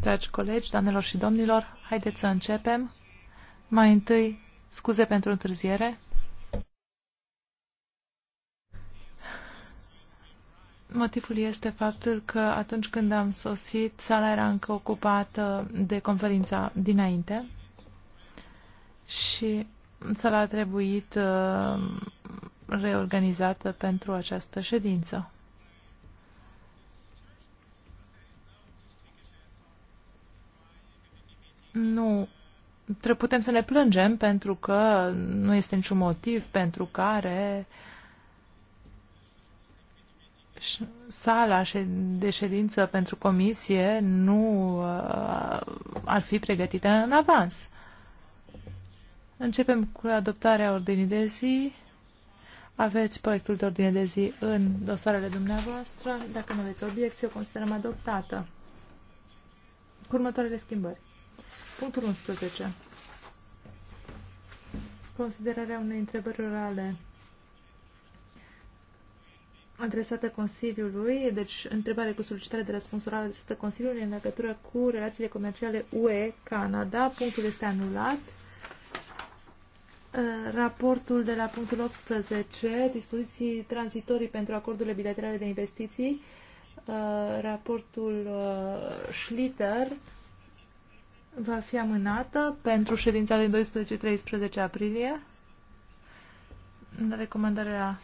Dragi colegi, doamnelor și domnilor, haideți să începem. Mai întâi, scuze pentru întârziere. Motivul este faptul că atunci când am sosit, sala era încă ocupată de conferința dinainte și sala a trebuit uh, reorganizată pentru această ședință. nu putem să ne plângem pentru că nu este niciun motiv pentru care sala de ședință pentru comisie nu uh, ar fi pregătită în avans. Începem cu adoptarea ordinii de zi. Aveți proiectul de ordine de zi în dosarele dumneavoastră. Dacă nu aveți obiecție, o considerăm adoptată. următoarele schimbări. Punctul 11. Considerarea unei întrebări orale adresată Consiliului, deci întrebare cu solicitare de răspuns orală adresată Consiliului în legătură cu relațiile comerciale UE-Canada. Punctul este anulat. Uh, raportul de la punctul 18, dispoziții tranzitorii pentru acordurile bilaterale de investiții, uh, raportul uh, Schlitter, va fi amânată pentru ședința din 12-13 aprilie. Recomandarea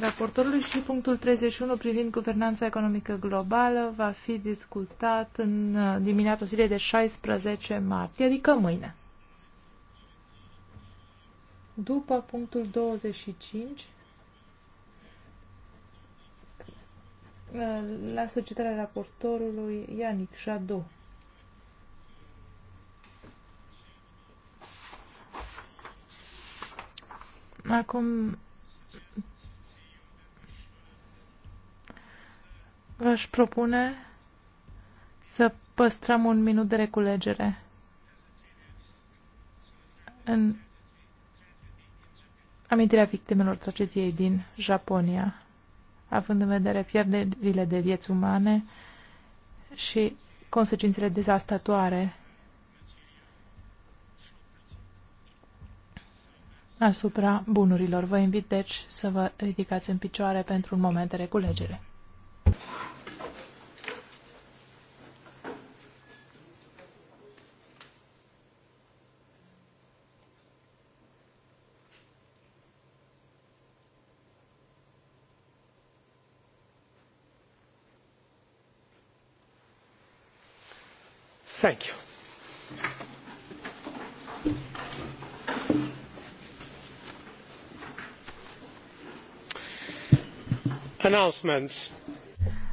raportorului și punctul 31 privind guvernanța economică globală va fi discutat în uh, dimineața zilei de 16 martie, adică mâine. După punctul 25, uh, la solicitarea raportorului Ianic Jadot. Acum v-aș propune să păstrăm un minut de reculegere. În amintirea victimelor tragediei din Japonia, având în vedere pierderile de vieți umane și consecințele dezastatoare asupra bunurilor. Vă invit, deci, să vă ridicați în picioare pentru un moment de reculegere. Thank you.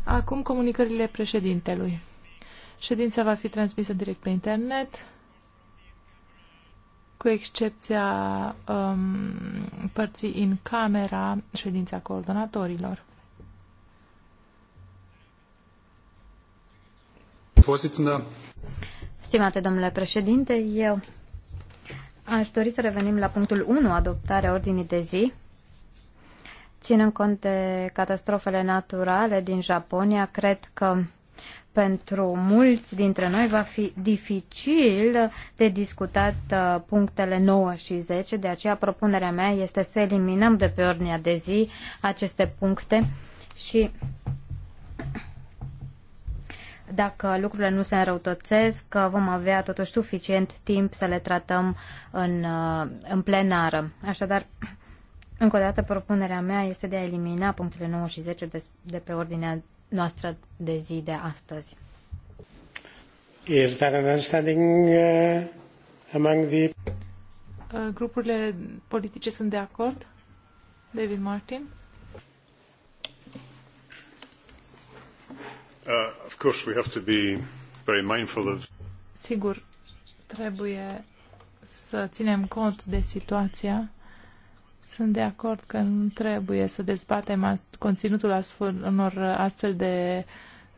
Acum comunicările președintelui. Ședința va fi transmisă direct pe internet, cu excepția um, părții în camera, ședința coordonatorilor. Stimate domnule președinte, eu aș dori să revenim la punctul 1, adoptarea ordinii de zi. Ținând cont de catastrofele naturale din Japonia, cred că pentru mulți dintre noi va fi dificil de discutat uh, punctele 9 și 10, de aceea propunerea mea este să eliminăm de pe ordinea de zi aceste puncte și dacă lucrurile nu se înrăutățesc, uh, vom avea totuși suficient timp să le tratăm în, uh, în plenară. Așadar, încă o dată, propunerea mea este de a elimina punctele 9 și 10 de, de pe ordinea noastră de zi de astăzi. Is that an understanding uh, among the... Uh, grupurile politice sunt de acord? David Martin? Uh, of course, we have to be very mindful of... Sigur, trebuie să ținem cont de situația sunt de acord că nu trebuie să dezbatem conținutul astfel, unor astfel de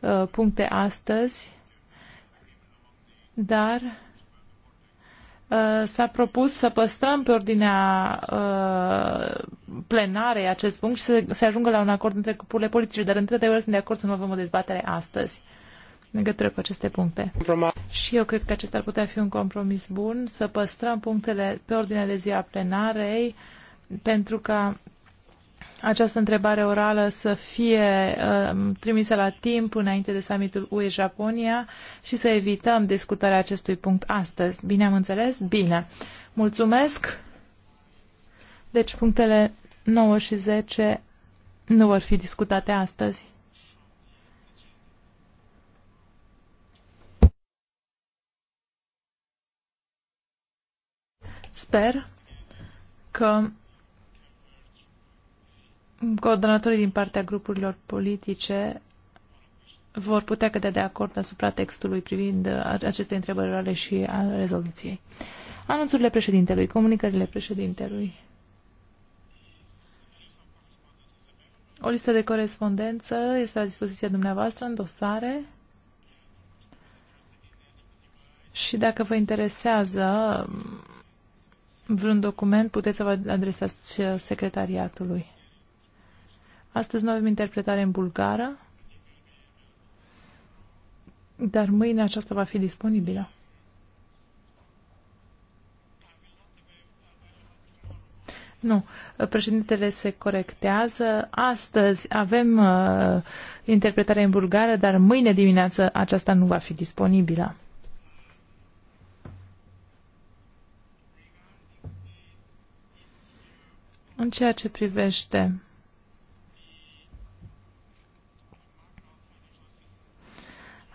uh, puncte astăzi, dar uh, s-a propus să păstrăm pe ordinea uh, plenarei acest punct și să se ajungă la un acord între cupurile politice, dar într-adevăr sunt de acord să nu avem o dezbatere astăzi legătură cu aceste puncte. Și eu cred că acesta ar putea fi un compromis bun, să păstrăm punctele pe ordinea de zi a plenarei, uh, pentru ca această întrebare orală să fie uh, trimisă la timp înainte de summitul UE-Japonia și să evităm discutarea acestui punct astăzi. Bine am înțeles? Bine. Mulțumesc. Deci punctele 9 și 10 nu vor fi discutate astăzi. Sper că coordonatorii din partea grupurilor politice vor putea cădea de acord asupra textului privind uh, aceste întrebări orale și a rezoluției. Anunțurile președintelui, comunicările președintelui. O listă de corespondență este la dispoziția dumneavoastră în dosare. Și dacă vă interesează mm, vreun document, puteți să vă adresați uh, secretariatului. Astăzi nu avem interpretare în bulgară, dar mâine aceasta va fi disponibilă. Nu, președintele se corectează. Astăzi avem uh, interpretare în bulgară, dar mâine dimineață aceasta nu va fi disponibilă. În ceea ce privește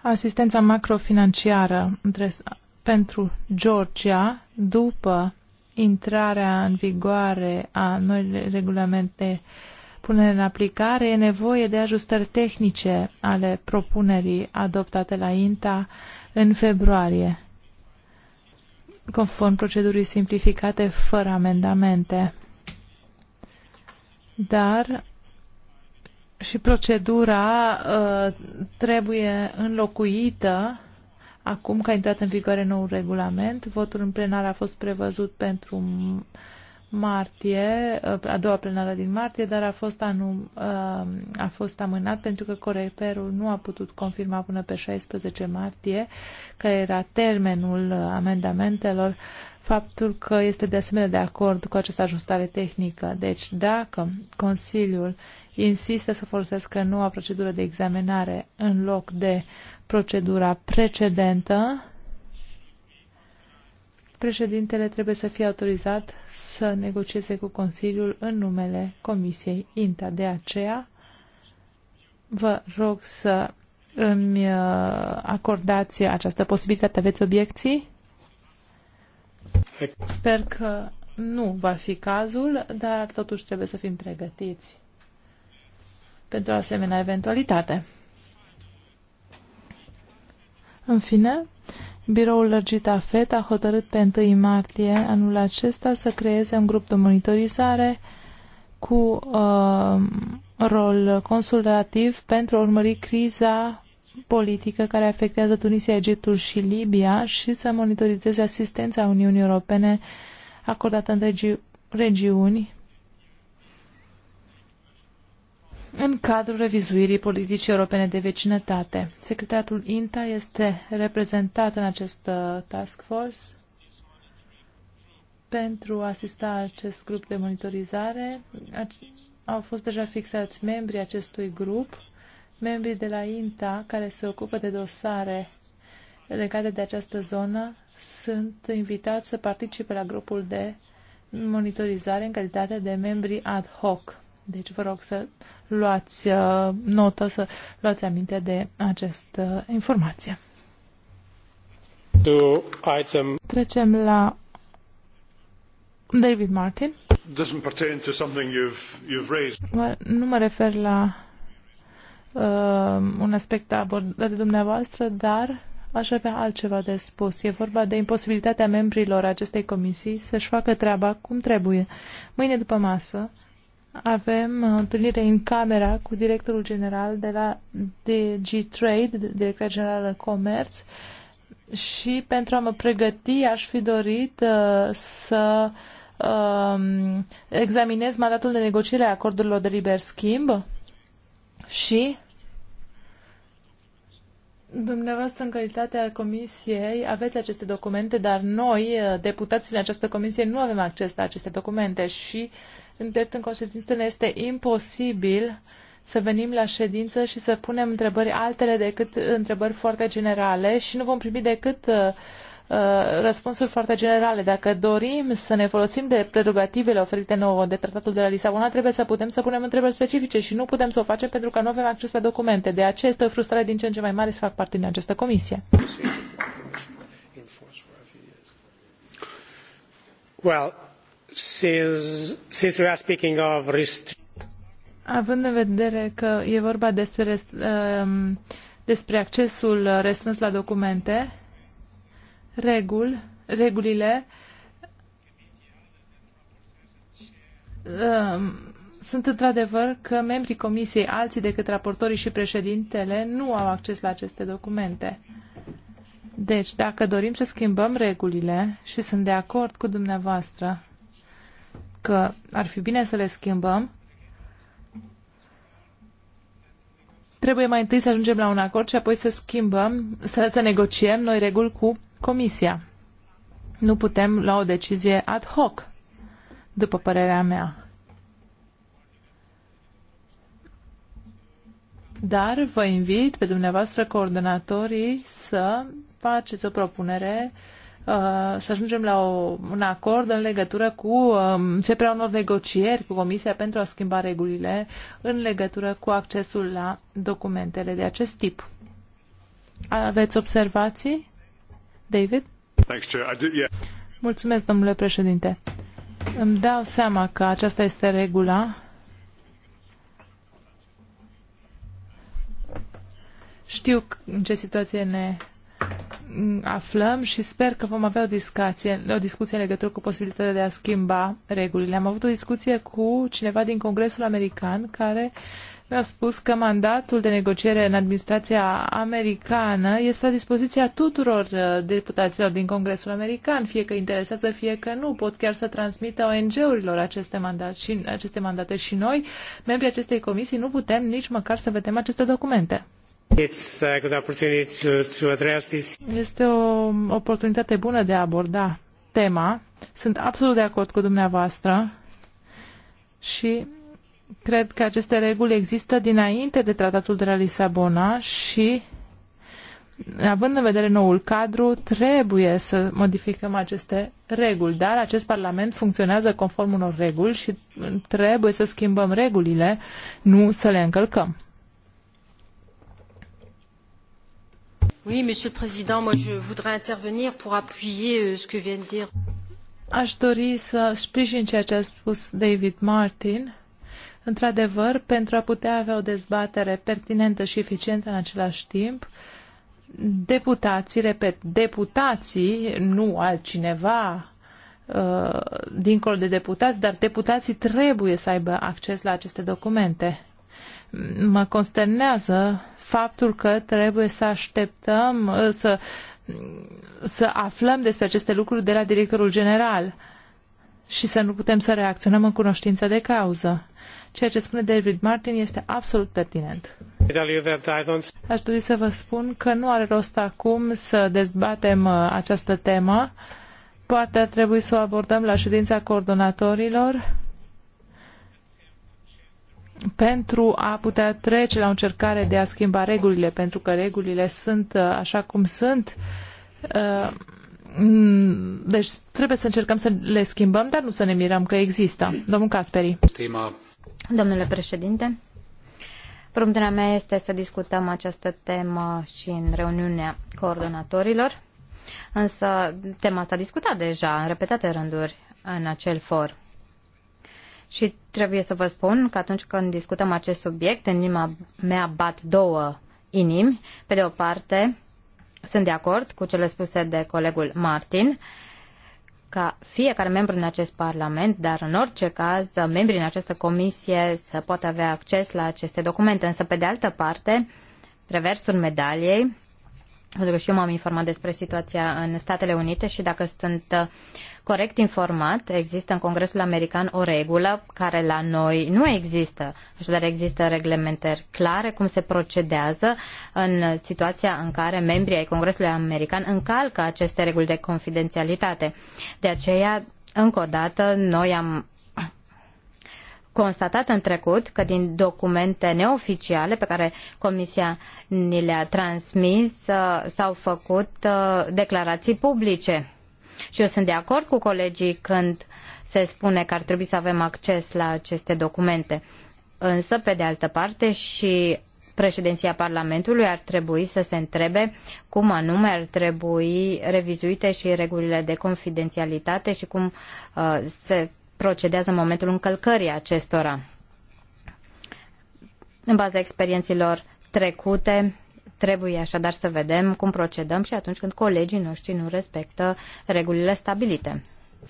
asistența macrofinanciară pentru Georgia după intrarea în vigoare a noi regulamente punere în aplicare, e nevoie de ajustări tehnice ale propunerii adoptate la INTA în februarie, conform procedurii simplificate fără amendamente. Dar și procedura uh, trebuie înlocuită acum că a intrat în vigoare noul regulament. Votul în plenar a fost prevăzut pentru martie, a doua plenară din martie, dar a fost, anum, uh, a fost amânat pentru că Coreperul nu a putut confirma până pe 16 martie că era termenul amendamentelor faptul că este de asemenea de acord cu această ajustare tehnică. Deci dacă Consiliul insistă să folosească noua procedură de examinare în loc de procedura precedentă, președintele trebuie să fie autorizat să negocieze cu Consiliul în numele Comisiei INTA. De aceea, vă rog să îmi uh, acordați această posibilitate. Aveți obiecții? Sper că nu va fi cazul, dar totuși trebuie să fim pregătiți pentru asemenea eventualitate. În fine, biroul lărgit FET a hotărât pe 1 martie anul acesta să creeze un grup de monitorizare cu uh, rol consultativ pentru a urmări criza politică care afectează Tunisia, Egiptul și Libia și să monitorizeze asistența Uniunii Europene acordată întregii regiuni în cadrul revizuirii politicii europene de vecinătate. secretarul INTA este reprezentat în acest uh, task force pentru a asista acest grup de monitorizare. Au fost deja fixați membrii acestui grup, membrii de la INTA care se ocupă de dosare legate de această zonă sunt invitați să participe la grupul de monitorizare în calitate de membri ad hoc. Deci vă rog să luați uh, notă, să luați aminte de această informație. Item. Trecem la David Martin. Doesn't pertain to something you've, you've raised. Nu mă refer la uh, un aspect abordat de dumneavoastră, dar aș avea altceva de spus. E vorba de imposibilitatea membrilor acestei comisii să-și facă treaba cum trebuie. Mâine după masă avem o întâlnire în camera cu directorul general de la DG Trade, general Generală Comerț, și pentru a mă pregăti aș fi dorit uh, să uh, examinez mandatul de negociere a acordurilor de liber schimb și Dumneavoastră, în calitate al Comisiei, aveți aceste documente, dar noi, uh, deputații în această Comisie, nu avem acces la aceste documente și uh, în drept în conștiință ne este imposibil să venim la ședință și să punem întrebări altele decât întrebări foarte generale și nu vom primi decât uh, uh, răspunsuri foarte generale. Dacă dorim să ne folosim de prerogativele oferite nouă de Tratatul de la Lisabona, trebuie să putem să punem întrebări specifice și nu putem să o facem pentru că nu avem acces la documente. De aceea este o frustrare din ce în ce mai mare să fac parte din această comisie. Well, Since, we are speaking of Având în vedere că e vorba despre, um, despre accesul restrâns la documente, regul, regulile um, sunt într-adevăr că membrii comisiei, alții decât raportorii și președintele, nu au acces la aceste documente. Deci, dacă dorim să schimbăm regulile și sunt de acord cu dumneavoastră că ar fi bine să le schimbăm, trebuie mai întâi să ajungem la un acord și apoi să schimbăm, să, să negociem noi reguli cu Comisia. Nu putem lua o decizie ad hoc, după părerea mea. Dar vă invit pe dumneavoastră coordonatorii să faceți o propunere uh, Uh, să ajungem la o, un acord în legătură cu începerea um, unor negocieri cu Comisia pentru a schimba regulile în legătură cu accesul la documentele de acest tip. Aveți observații? David? Mulțumesc, domnule președinte. Îmi dau seama că aceasta este regula. Știu în ce situație ne aflăm și sper că vom avea o discuție, o discuție în legătură cu posibilitatea de a schimba regulile. Am avut o discuție cu cineva din Congresul American care mi-a spus că mandatul de negociere în administrația americană este la dispoziția tuturor uh, deputaților din Congresul American, fie că interesează, fie că nu. Pot chiar să transmită ONG-urilor aceste, mandat și, aceste mandate și noi, membrii acestei comisii, nu putem nici măcar să vedem aceste documente. Uh, este o oportunitate bună de a aborda tema. Sunt absolut de acord cu dumneavoastră și cred că aceste reguli există dinainte de tratatul de la Lisabona și având în vedere noul cadru, trebuie să modificăm aceste reguli, dar acest Parlament funcționează conform unor reguli și trebuie să schimbăm regulile, nu să le încălcăm. Oui, Monsieur le Président, moi je voudrais intervenir pour appuyer euh, ce que vient de dire. Aș dori să sprijin ceea ce a spus David Martin. Într-adevăr, pentru a putea avea o dezbatere pertinentă și eficientă în același timp, deputații, repet, deputații, nu altcineva uh, dincolo de deputați, dar deputații trebuie să aibă acces la aceste documente mă consternează faptul că trebuie să așteptăm să, să aflăm despre aceste lucruri de la directorul general și să nu putem să reacționăm în cunoștință de cauză. Ceea ce spune David Martin este absolut pertinent. Aș dori să vă spun că nu are rost acum să dezbatem uh, această temă. Poate ar trebui să o abordăm la ședința coordonatorilor pentru a putea trece la o încercare de a schimba regulile, pentru că regulile sunt uh, așa cum sunt. Uh, deci trebuie să încercăm să le schimbăm, dar nu să ne mirăm că există. Domnul Casperi. Stima. Domnule președinte, problema mea este să discutăm această temă și în reuniunea coordonatorilor, însă tema s-a discutat deja în repetate rânduri în acel for. Și trebuie să vă spun că atunci când discutăm acest subiect, în inima mea bat două inimi. Pe de o parte, sunt de acord cu cele spuse de colegul Martin, ca fiecare membru în acest Parlament, dar în orice caz, membrii în această comisie să poată avea acces la aceste documente. Însă, pe de altă parte, reversul medaliei pentru că și eu m-am informat despre situația în Statele Unite și dacă sunt uh, corect informat, există în Congresul American o regulă care la noi nu există. Așadar există reglementări clare cum se procedează în situația în care membrii ai Congresului American încalcă aceste reguli de confidențialitate. De aceea, încă o dată, noi am constatat în trecut că din documente neoficiale pe care Comisia ni le-a transmis uh, s-au făcut uh, declarații publice. Și eu sunt de acord cu colegii când se spune că ar trebui să avem acces la aceste documente. Însă, pe de altă parte, și președinția Parlamentului ar trebui să se întrebe cum anume ar trebui revizuite și regulile de confidențialitate și cum uh, se procedează în momentul încălcării acestora. În baza experiențelor trecute, trebuie așadar să vedem cum procedăm și atunci când colegii noștri nu respectă regulile stabilite.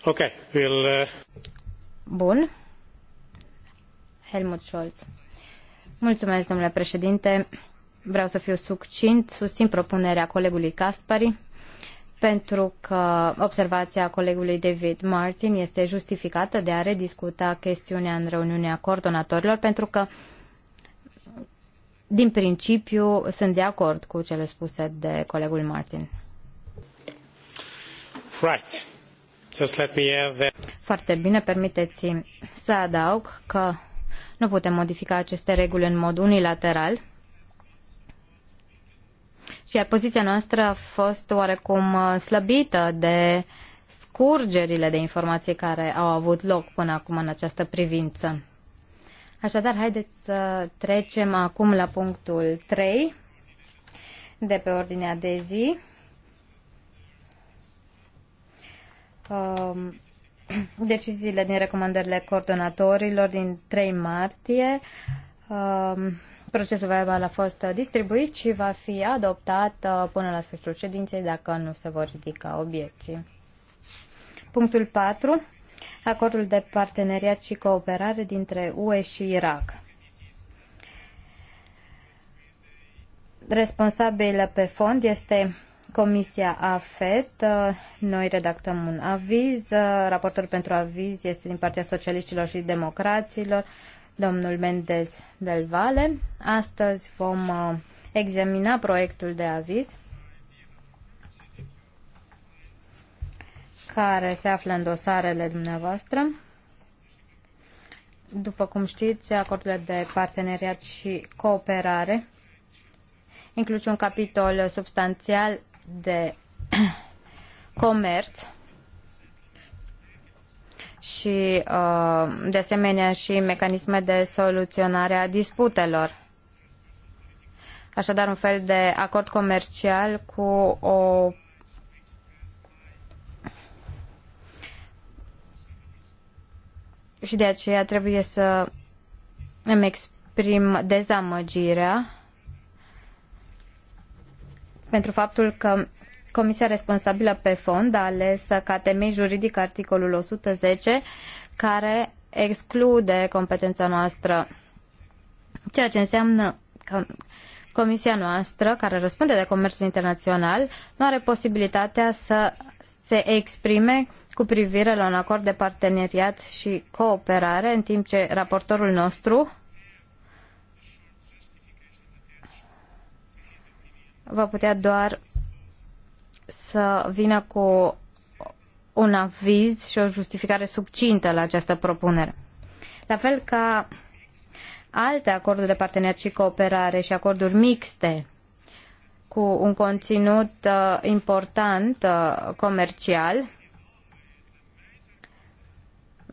Ok, we'll, uh... Bun. Helmut Scholz. Mulțumesc, domnule președinte. Vreau să fiu succint. Susțin propunerea colegului Caspari pentru că observația colegului David Martin este justificată de a rediscuta chestiunea în reuniunea coordonatorilor, pentru că din principiu sunt de acord cu cele spuse de colegul Martin. Right. Just let me add that... Foarte bine, permiteți să adaug că nu putem modifica aceste reguli în mod unilateral și iar poziția noastră a fost oarecum uh, slăbită de scurgerile de informații care au avut loc până acum în această privință. Așadar, haideți să trecem acum la punctul 3 de pe ordinea de zi. Um, deciziile din recomandările coordonatorilor din 3 martie um, Procesul verbal a fost distribuit și va fi adoptat uh, până la sfârșitul ședinței dacă nu se vor ridica obiecții. Punctul 4. Acordul de parteneriat și cooperare dintre UE și Irak. Responsabilă pe fond este Comisia AFET. Uh, noi redactăm un aviz. Uh, raportul pentru aviz este din partea socialiștilor și democraților domnul Mendez del Vale. Astăzi vom uh, examina proiectul de aviz care se află în dosarele dumneavoastră. După cum știți, acordurile de parteneriat și cooperare include un capitol substanțial de comerț și, uh, de asemenea, și mecanisme de soluționare a disputelor. Așadar, un fel de acord comercial cu o și de aceea trebuie să îmi exprim dezamăgirea pentru faptul că Comisia responsabilă pe fond a ales ca temei juridic articolul 110, care exclude competența noastră, ceea ce înseamnă că Comisia noastră, care răspunde de comerțul internațional, nu are posibilitatea să se exprime cu privire la un acord de parteneriat și cooperare, în timp ce raportorul nostru va putea doar să vină cu un aviz și o justificare subcintă la această propunere. La fel ca alte acorduri de parteneriat și cooperare și acorduri mixte cu un conținut uh, important uh, comercial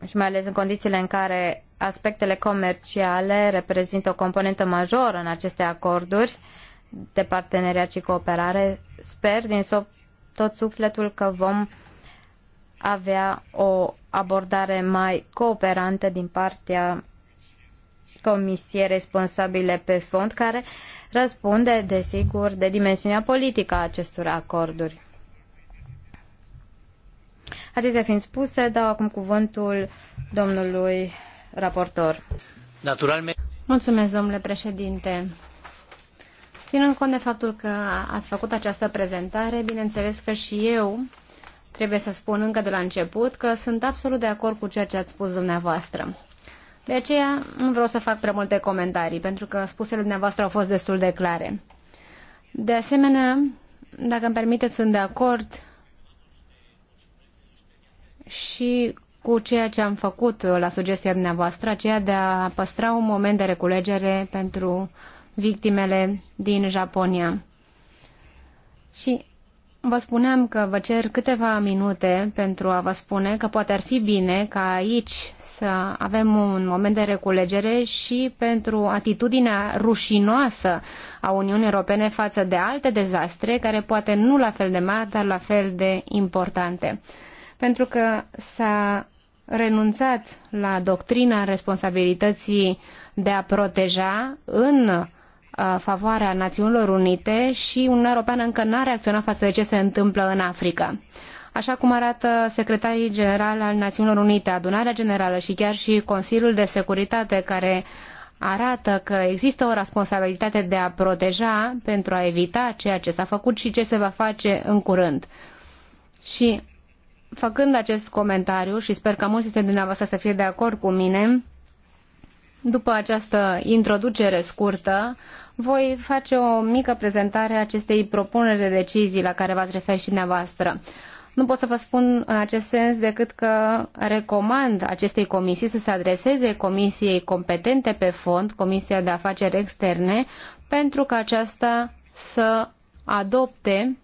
și mai ales în condițiile în care aspectele comerciale reprezintă o componentă majoră în aceste acorduri de parteneriat și cooperare. Sper din sop tot sufletul că vom avea o abordare mai cooperantă din partea comisiei responsabile pe fond, care răspunde, desigur, de dimensiunea politică a acestor acorduri. Acestea fiind spuse, dau acum cuvântul domnului raportor. Naturalmente. Mulțumesc, domnule președinte. Ținând cont de faptul că ați făcut această prezentare, bineînțeles că și eu trebuie să spun încă de la început că sunt absolut de acord cu ceea ce ați spus dumneavoastră. De aceea nu vreau să fac prea multe comentarii, pentru că spusele dumneavoastră au fost destul de clare. De asemenea, dacă îmi permiteți, sunt de acord și cu ceea ce am făcut la sugestia dumneavoastră, aceea de a păstra un moment de reculegere pentru uh, victimele din Japonia. Și vă spuneam că vă cer câteva minute pentru a vă spune că poate ar fi bine ca aici să avem un moment de reculegere și pentru atitudinea rușinoasă a Uniunii Europene față de alte dezastre, care poate nu la fel de mari, dar la fel de importante. Pentru că s-a renunțat la doctrina responsabilității de a proteja în Uh, favoarea Națiunilor Unite și Uniunea Europeană încă n-a reacționat față de ce se întâmplă în Africa. Așa cum arată secretarii general al Națiunilor Unite, adunarea generală și chiar și Consiliul de Securitate care arată că există o responsabilitate de a proteja pentru a evita ceea ce s-a făcut și ce se va face în curând. Și făcând acest comentariu și sper că mulți dintre dumneavoastră să fie de acord cu mine, după această introducere scurtă, voi face o mică prezentare a acestei propuneri de decizii la care v-ați referit și dumneavoastră. Nu pot să vă spun în acest sens decât că recomand acestei comisii să se adreseze comisiei competente pe fond, Comisia de Afaceri Externe, pentru ca aceasta să adopte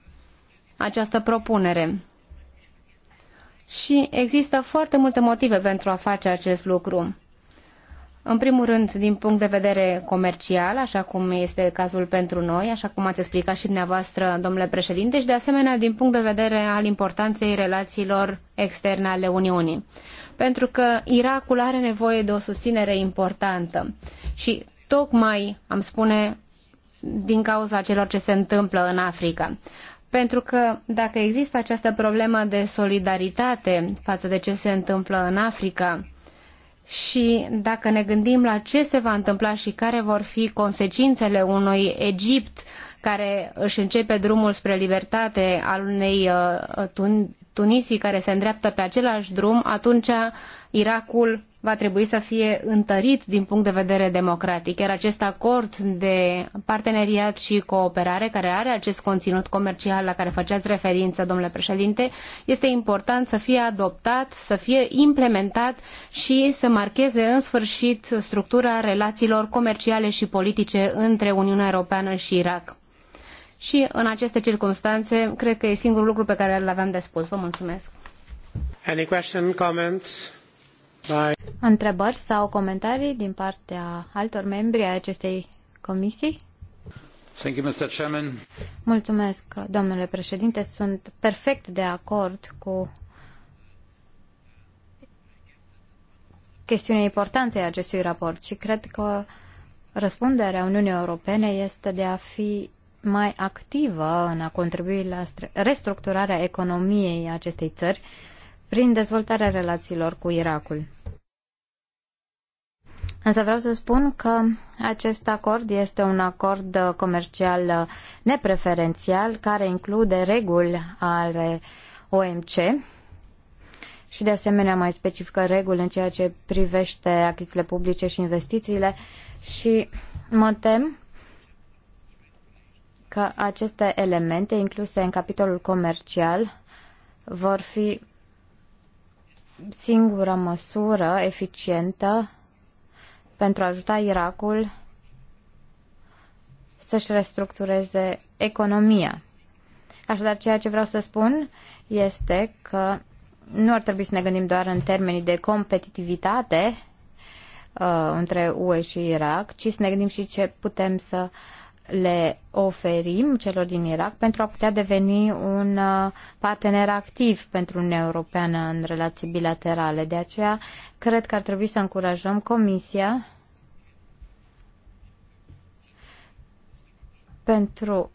această propunere. Și există foarte multe motive pentru a face acest lucru. În primul rând, din punct de vedere comercial, așa cum este cazul pentru noi, așa cum ați explicat și dumneavoastră, domnule președinte, și de asemenea din punct de vedere al importanței relațiilor externe ale Uniunii. Pentru că Irakul are nevoie de o susținere importantă și tocmai, am spune, din cauza celor ce se întâmplă în Africa. Pentru că dacă există această problemă de solidaritate față de ce se întâmplă în Africa, și dacă ne gândim la ce se va întâmpla și care vor fi consecințele unui Egipt care își începe drumul spre libertate, al unei uh, Tunisii care se îndreaptă pe același drum, atunci Irakul va trebui să fie întărit din punct de vedere democratic, iar acest acord de parteneriat și cooperare, care are acest conținut comercial la care faceați referință, domnule președinte, este important să fie adoptat, să fie implementat și să marcheze în sfârșit structura relațiilor comerciale și politice între Uniunea Europeană și Irak. Și în aceste circunstanțe, cred că e singurul lucru pe care îl aveam de spus. Vă mulțumesc. Any question, comments? Întrebări sau comentarii din partea altor membri ai acestei comisii? Thank you, Mr. Chairman. Mulțumesc, domnule președinte. Sunt perfect de acord cu chestiunea importanței acestui raport și cred că răspunderea Uniunii Europene este de a fi mai activă în a contribui la restructurarea economiei acestei țări prin dezvoltarea relațiilor cu Irakul. Însă vreau să spun că acest acord este un acord comercial nepreferențial care include reguli ale OMC și de asemenea mai specifică reguli în ceea ce privește achizițiile publice și investițiile și mă tem că aceste elemente incluse în capitolul comercial vor fi singura măsură eficientă pentru a ajuta Irakul să-și restructureze economia. Așadar, ceea ce vreau să spun este că nu ar trebui să ne gândim doar în termenii de competitivitate uh, între UE și Irak, ci să ne gândim și ce putem să uh, le oferim celor din Irak pentru a putea deveni un uh, partener activ pentru Uniunea Europeană în relații bilaterale. De aceea, cred că ar trebui să încurajăm Comisia pentru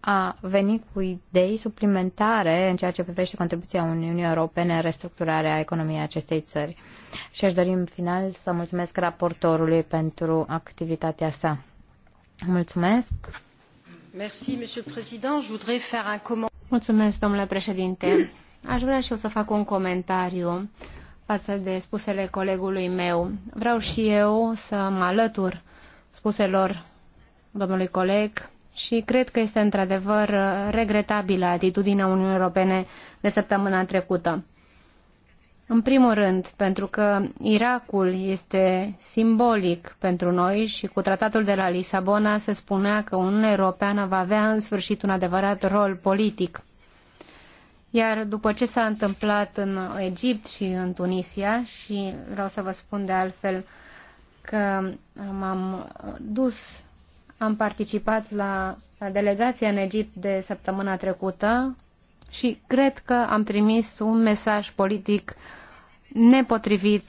a veni cu idei suplimentare în ceea ce privește contribuția Uniunii Europene în restructurarea economiei acestei țări. Și aș dori în final să mulțumesc raportorului pentru activitatea sa domnule președinte. Aș vrea și eu să fac un comentariu față de spusele colegului meu. Vreau și eu să mă alătur spuselor domnului coleg și cred că este într-adevăr regretabilă atitudinea Uniunii Europene de săptămâna trecută. În primul rând, pentru că Irakul este simbolic pentru noi și cu tratatul de la Lisabona se spunea că Uniunea Europeană va avea în sfârșit un adevărat rol politic. Iar după ce s-a întâmplat în Egipt și în Tunisia, și vreau să vă spun de altfel că m-am dus, am participat la delegația în Egipt de săptămâna trecută și cred că am trimis un mesaj politic uh, nepotrivit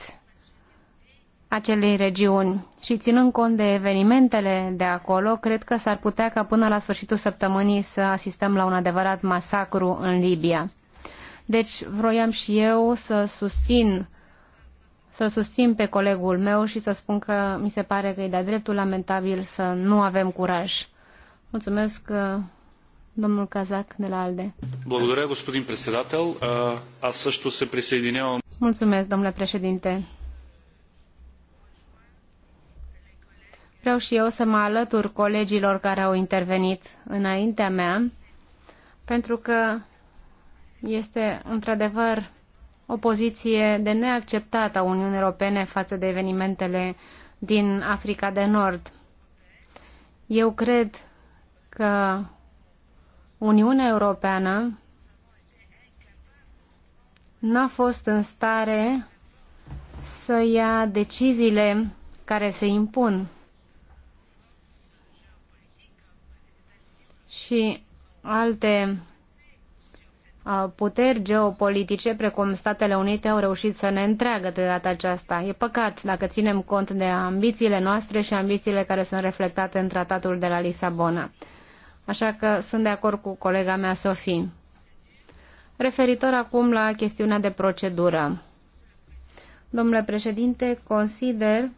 acelei regiuni și ținând cont de evenimentele de acolo, cred că s-ar putea ca până la sfârșitul săptămânii să asistăm la un adevărat masacru în Libia. Deci vroiam și eu să susțin să susțin pe colegul meu și să spun că mi se pare că e de-a dreptul lamentabil să nu avem curaj. Mulțumesc Domnul Cazac de la ALDE. Благодаря, господин председател. Аз също се присъединявам. Mulțumesc, domnule președinte. Vreau și eu să mă alătur colegilor care au intervenit înaintea mea, pentru că este într-adevăr o poziție de neacceptat a Uniunii Europene față de evenimentele din Africa de Nord. Eu cred că Uniunea Europeană n-a fost în stare să ia deciziile care se impun. Și alte puteri geopolitice, precum Statele Unite, au reușit să ne întreagă de data aceasta. E păcat dacă ținem cont de ambițiile noastre și ambițiile care sunt reflectate în tratatul de la Lisabona. Așa că sunt de acord cu colega mea, Sofie. Referitor acum la chestiunea de procedură. Domnule președinte, consider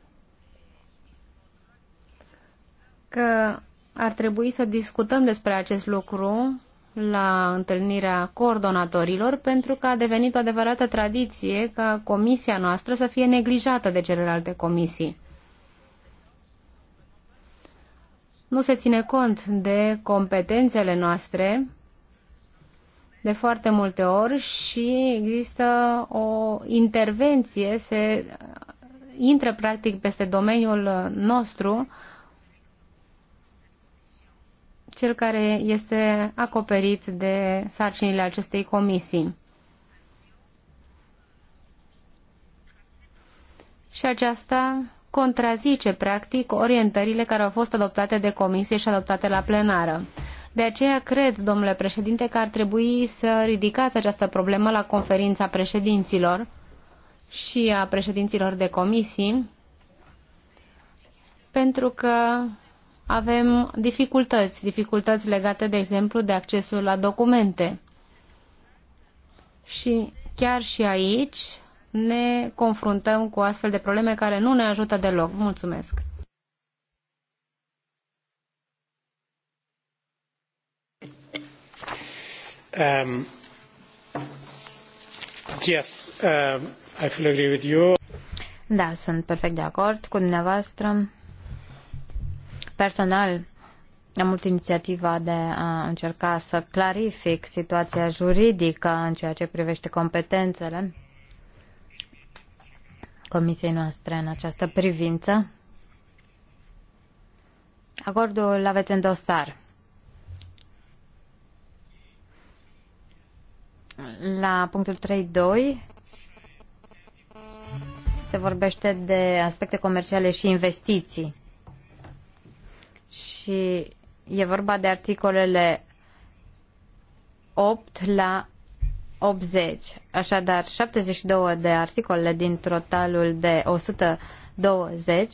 că ar trebui să discutăm despre acest lucru la întâlnirea coordonatorilor pentru că a devenit o adevărată tradiție ca comisia noastră să fie neglijată de celelalte comisii. nu se ține cont de competențele noastre de foarte multe ori și există o intervenție, se intră practic peste domeniul nostru, cel care este acoperit de sarcinile acestei comisii. Și aceasta contrazice, practic, orientările care au fost adoptate de comisie și adoptate la plenară. De aceea cred, domnule președinte, că ar trebui să ridicați această problemă la conferința președinților și a președinților de comisii, pentru că avem dificultăți, dificultăți legate, de exemplu, de accesul la documente. Și chiar și aici ne confruntăm cu astfel de probleme care nu ne ajută deloc. Mulțumesc! Um, yes, um, I fully agree with you. Da, sunt perfect de acord cu dumneavoastră. Personal, am avut inițiativa de a încerca să clarific situația juridică în ceea ce privește competențele comisiei noastre în această privință. Acordul aveți în dosar. La punctul 3.2 se vorbește de aspecte comerciale și investiții. Și e vorba de articolele 8 la 80. Așadar, 72 de articole din totalul de 120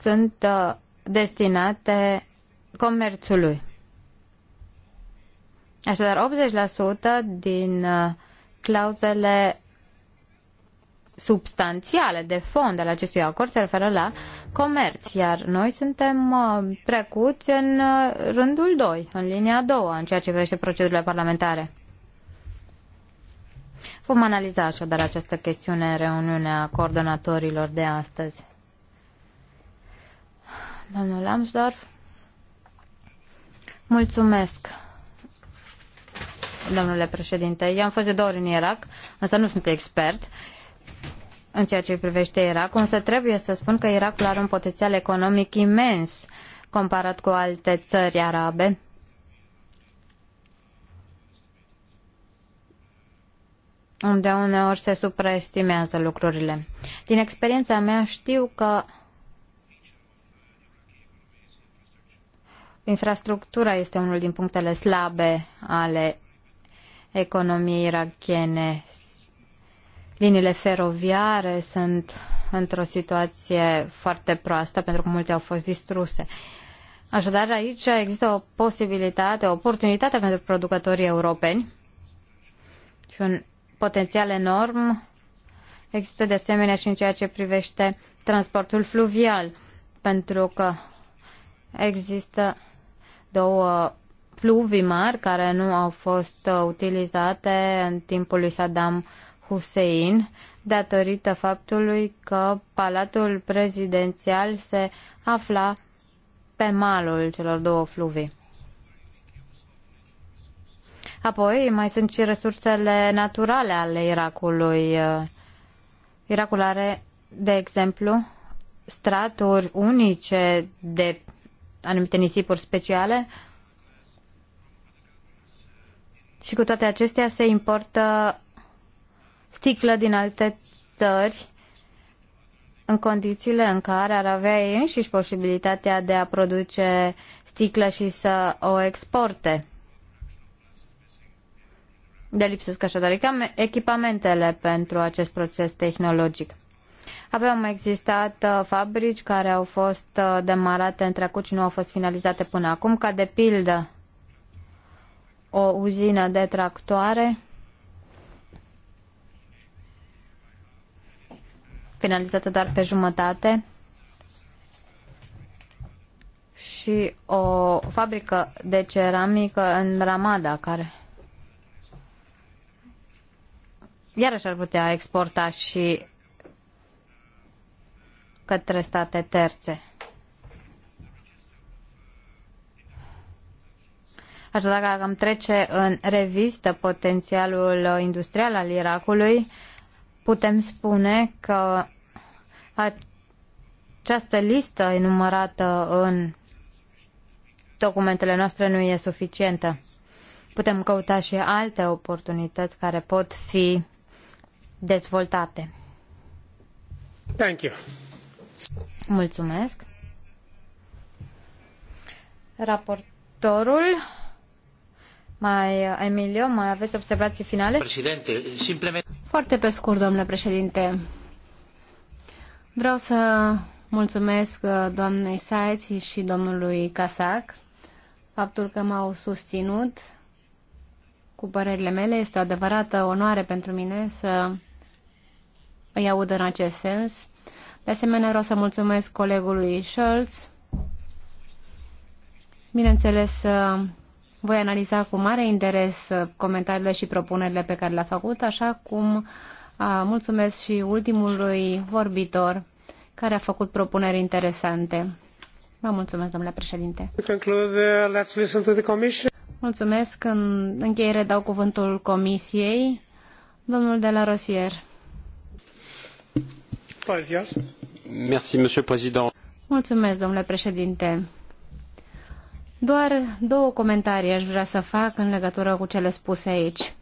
sunt uh, destinate comerțului. Așadar, 80% din uh, clauzele substanțiale de fond al acestui acord se referă la comerț, iar noi suntem uh, trecuți în rândul 2, în linia a doua, în ceea ce privește procedurile parlamentare. Vom analiza așadar această chestiune în reuniunea coordonatorilor de astăzi. Domnul Lambsdorff, mulțumesc, domnule președinte. Eu am fost de două ori în Irak, însă nu sunt expert în ceea ce privește Irakul, însă trebuie să spun că Irakul are un potențial economic imens comparat cu alte țări arabe unde uneori se supraestimează lucrurile. Din experiența mea știu că infrastructura este unul din punctele slabe ale economiei irachiene. Liniile feroviare sunt într-o situație foarte proastă pentru că multe au fost distruse. Așadar, aici există o posibilitate, o oportunitate pentru producătorii europeni și un potențial enorm există de asemenea și în ceea ce privește transportul fluvial, pentru că există două fluvii mari care nu au fost uh, utilizate în timpul lui Saddam Hussein datorită faptului că palatul prezidențial se afla pe malul celor două fluvii. Apoi mai sunt și resursele naturale ale Irakului. Irakul are, de exemplu, straturi unice de anumite nisipuri speciale și cu toate acestea se importă sticlă din alte țări în condițiile în care ar avea ei înșiși posibilitatea de a produce sticlă și să o exporte de lipsesc așadar echipamentele pentru acest proces tehnologic. Apoi au existat uh, fabrici care au fost uh, demarate în trecut și nu au fost finalizate până acum, ca de pildă o uzină de tractoare finalizată doar pe jumătate și o fabrică de ceramică în Ramada care iarăși ar putea exporta și către state terțe. Așadar, dacă am trece în revistă potențialul industrial al Irakului, putem spune că această listă enumerată în documentele noastre nu e suficientă. Putem căuta și alte oportunități care pot fi dezvoltate. Thank you. Mulțumesc. Raportorul mai, Emilio, mai aveți observații finale? Președinte, simplemente... Foarte pe scurt, domnule președinte. Vreau să mulțumesc uh, doamnei Saeți și domnului Casac. Faptul că m-au susținut cu părerile mele este o adevărată onoare pentru mine să îi aud în acest sens. De asemenea, vreau să mulțumesc colegului Scholz. Bineînțeles, uh, voi analiza cu mare interes uh, comentariile și propunerile pe care le-a făcut, așa cum uh, mulțumesc și ultimului vorbitor care a făcut propuneri interesante. Vă mulțumesc, domnule președinte. Mulțumesc. În încheiere dau cuvântul Comisiei. Domnul de la Rosier. Mulțumesc, domnule președinte. Doar două comentarii aș vrea să fac în legătură cu cele spuse aici.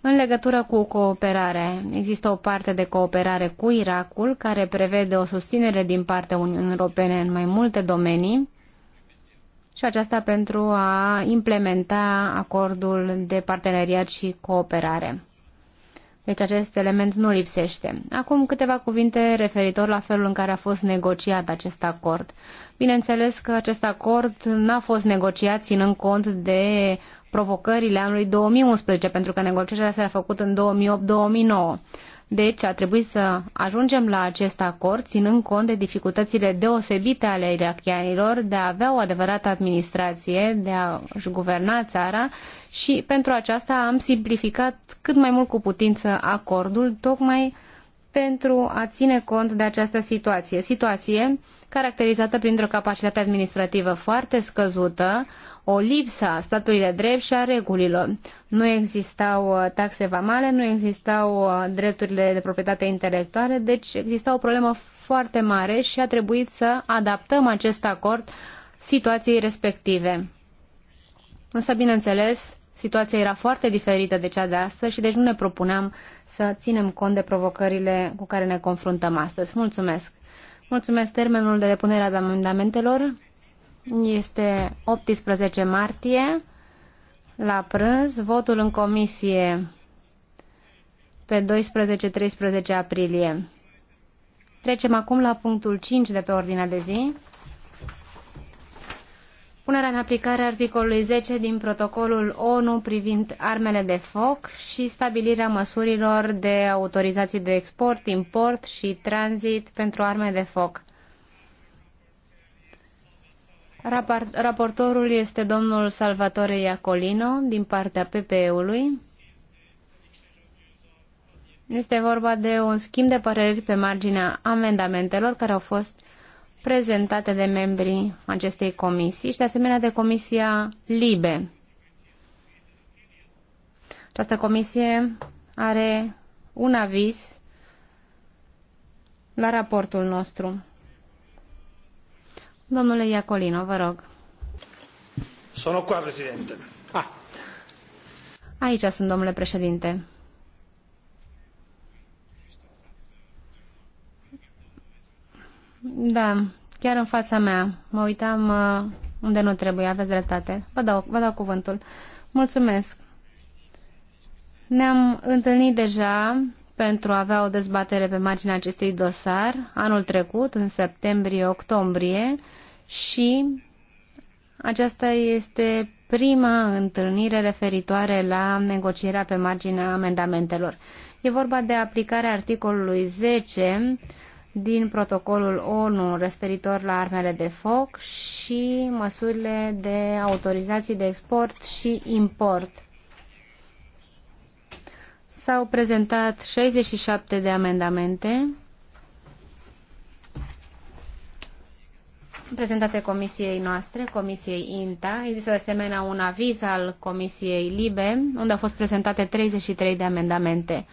În legătură cu cooperarea, există o parte de cooperare cu Irakul care prevede o susținere din partea Uniunii Europene în mai multe domenii și aceasta pentru a implementa acordul de parteneriat și cooperare. Deci acest element nu lipsește. Acum câteva cuvinte referitor la felul în care a fost negociat acest acord. Bineînțeles că acest acord n-a fost negociat ținând cont de provocările anului 2011, pentru că negocierea s-a făcut în 2008-2009. Deci a trebuit să ajungem la acest acord, ținând cont de dificultățile deosebite ale irachianilor de a avea o adevărată administrație, de a-și guverna țara și pentru aceasta am simplificat cât mai mult cu putință acordul, tocmai pentru a ține cont de această situație. Situație caracterizată printr-o capacitate administrativă foarte scăzută, o lipsă a statului de drept și a regulilor. Nu existau uh, taxe vamale, nu existau uh, drepturile de proprietate intelectuale, deci exista o problemă foarte mare și a trebuit să adaptăm acest acord situației respective. Însă, bineînțeles, situația era foarte diferită de cea de astăzi și deci nu ne propuneam să ținem cont de provocările cu care ne confruntăm astăzi. Mulțumesc! Mulțumesc termenul de depunere a amendamentelor este 18 martie la prânz, votul în comisie pe 12-13 aprilie. Trecem acum la punctul 5 de pe ordinea de zi. Punerea în aplicare articolului 10 din protocolul ONU privind armele de foc și stabilirea măsurilor de autorizații de export, import și tranzit pentru arme de foc. Raportorul este domnul Salvatore Iacolino din partea PPE-ului. Este vorba de un schimb de păreri pe marginea amendamentelor care au fost prezentate de membrii acestei comisii și de asemenea de Comisia LIBE. Această comisie are un aviz la raportul nostru. Domnule Iacolino, vă rog. Sono qua, președinte. Ah. Aici sunt, domnule președinte. Da, chiar în fața mea. Mă uitam uh, unde nu trebuie, aveți dreptate. Vă dau, vă dau cuvântul. Mulțumesc. Ne-am întâlnit deja pentru a avea o dezbatere pe marginea acestui dosar anul trecut, în septembrie-octombrie și aceasta este prima întâlnire referitoare la negocierea pe marginea amendamentelor. E vorba de aplicarea articolului 10 din protocolul ONU referitor la armele de foc și măsurile de autorizații de export și import. S-au prezentat 67 de amendamente prezentate comisiei noastre, comisiei INTA. Există de asemenea un aviz al comisiei LIBE, unde au fost prezentate 33 de amendamente.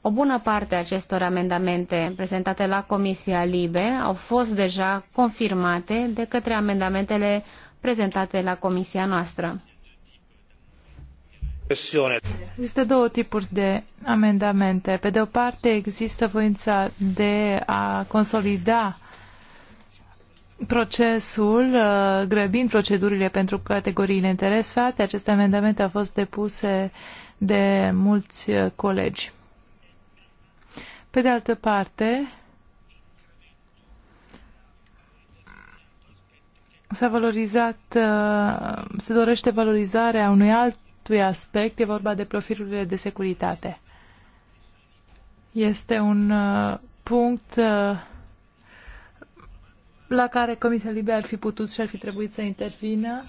O bună parte a acestor amendamente prezentate la Comisia LIBE au fost deja confirmate de către amendamentele prezentate la Comisia noastră. Există două tipuri de amendamente. Pe de o parte există voința de a consolida procesul, uh, grăbind procedurile pentru categoriile interesate. Aceste amendamente au fost depuse de mulți uh, colegi. Pe de altă parte, s-a valorizat, uh, se dorește valorizarea unui altui aspect, e vorba de profilurile de securitate. Este un punct la care Comisia Libe ar fi putut și ar fi trebuit să intervină,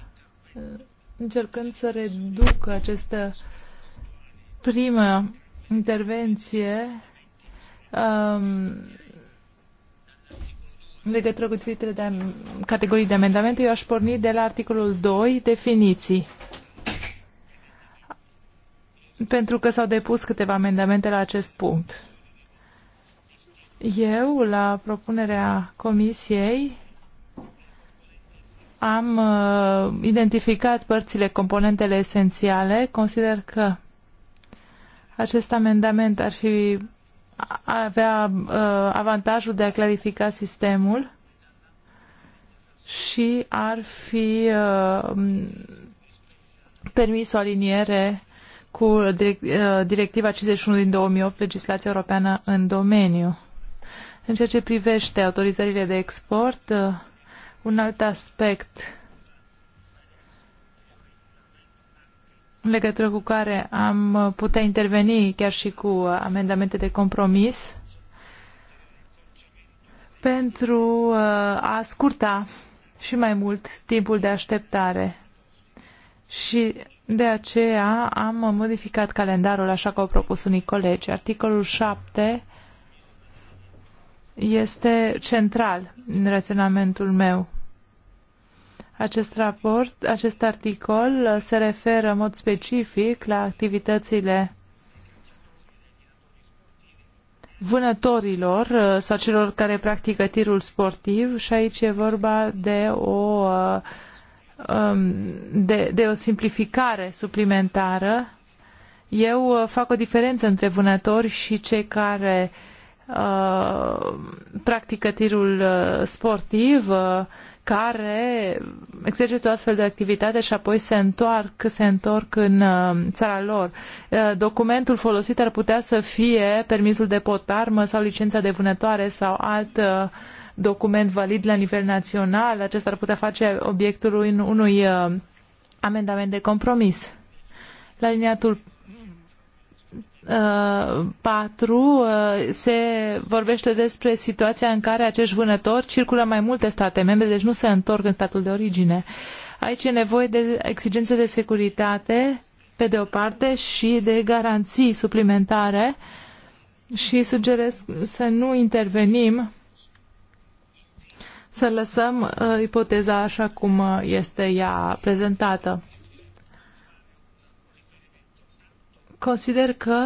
încercând să reducă această primă intervenție um, în legătură cu diferitele de categorii de amendamente, eu aș porni de la articolul 2, definiții. Pentru că s-au depus câteva amendamente la acest punct. Eu, la propunerea comisiei, am uh, identificat părțile, componentele esențiale. Consider că acest amendament ar fi avea uh, avantajul de a clarifica sistemul și ar fi uh, permis o aliniere cu direct, uh, directiva 51 din 2008, legislația europeană în domeniu. În ceea ce privește autorizările de export, uh, un alt aspect în legătură cu care am putea interveni chiar și cu amendamente de compromis pentru uh, a scurta și mai mult timpul de așteptare. Și de aceea am modificat calendarul așa cum au propus unii colegi. Articolul 7 este central în raționamentul meu. Acest raport, acest articol uh, se referă în mod specific la activitățile vânătorilor uh, sau celor care practică tirul sportiv și aici e vorba de o, uh, um, de, de o simplificare suplimentară. Eu fac o diferență între vânători și cei care uh, Uh, practică tirul uh, sportiv, uh, care exercită o astfel de activitate și apoi se întorc, se întorc în țara lor. Documentul folosit ar putea să fie permisul de potarmă sau licența de vânătoare sau alt document valid la nivel național. Acesta ar putea face obiectul unui amendament de compromis. La liniatul 4 uh, se vorbește despre situația în care acești vânători circulă mai multe state membre, deci nu se întorc în statul de origine. Aici e nevoie de exigențe de securitate, pe de o parte, și de garanții suplimentare și sugerez să nu intervenim, să lăsăm uh, ipoteza așa cum uh, este ea prezentată. Consider că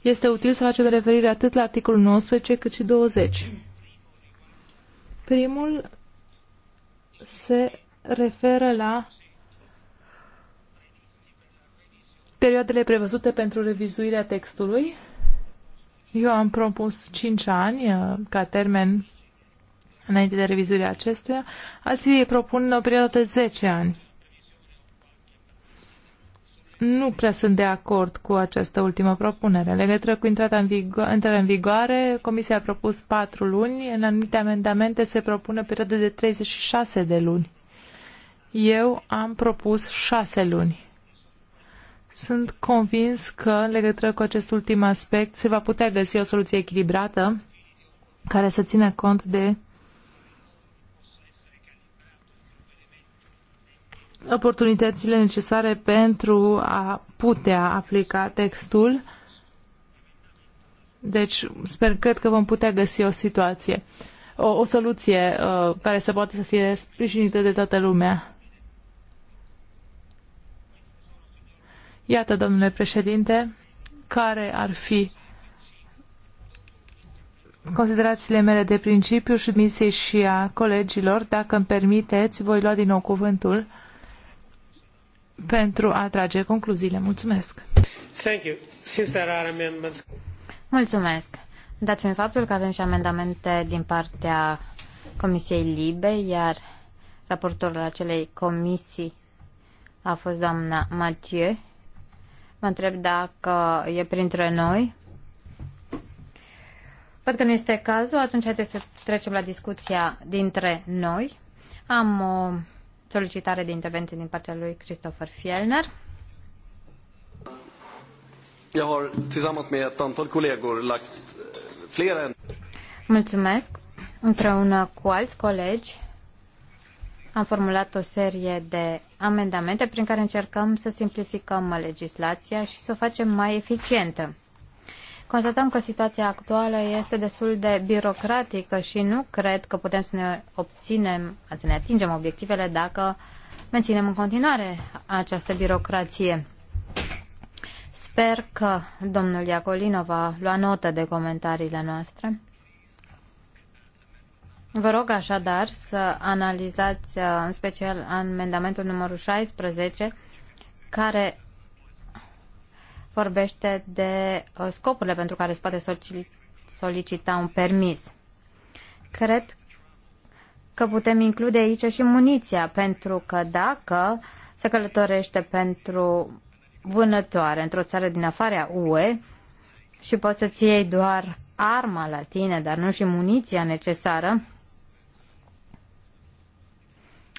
este util să facem referire atât la articolul 19 cât și 20. Primul se referă la perioadele prevăzute pentru revizuirea textului. Eu am propus 5 ani uh, ca termen înainte de revizuirea acestuia. Alții propun o perioadă de 10 ani nu prea sunt de acord cu această ultimă propunere. În legătură cu intrarea în, vigo- intrarea în vigoare, Comisia a propus patru luni, în anumite amendamente se propune perioadă de 36 de luni. Eu am propus șase luni. Sunt convins că, în legătură cu acest ultim aspect, se va putea găsi o soluție echilibrată care să țină cont de oportunitățile necesare pentru a putea aplica textul. Deci, sper, cred că vom putea găsi o situație, o, o soluție uh, care să poată să fie sprijinită de toată lumea. Iată, domnule președinte, care ar fi considerațiile mele de principiu și misiei și a colegilor. Dacă îmi permiteți, voi lua din nou cuvântul pentru a trage concluziile. Mulțumesc! Thank you. Since there are amendments... Mulțumesc! Dat fiind faptul că avem și amendamente din partea Comisiei Libe, iar raportorul acelei comisii a fost doamna Mathieu, mă întreb dacă e printre noi. Văd că nu este cazul, atunci haideți să trecem la discuția dintre noi. Am o solicitare de intervenție din partea lui Christopher Fielner. Jag har tillsammans med ett antal kollegor lagt eh, flera... Mulțumesc. Împreună cu alți colegi am formulat o serie de amendamente prin care încercăm să simplificăm legislația și să o facem mai eficientă. Constatăm că situația actuală este destul de birocratică și nu cred că putem să ne obținem, să ne atingem obiectivele dacă menținem în continuare această birocrație. Sper că domnul Iacolino va lua notă de comentariile noastre. Vă rog așadar să analizați în special amendamentul numărul 16 care vorbește de uh, scopurile pentru care se poate solicita un permis. Cred că putem include aici și muniția, pentru că dacă se călătorește pentru vânătoare într-o țară din afara UE și poți să-ți iei doar arma la tine, dar nu și muniția necesară,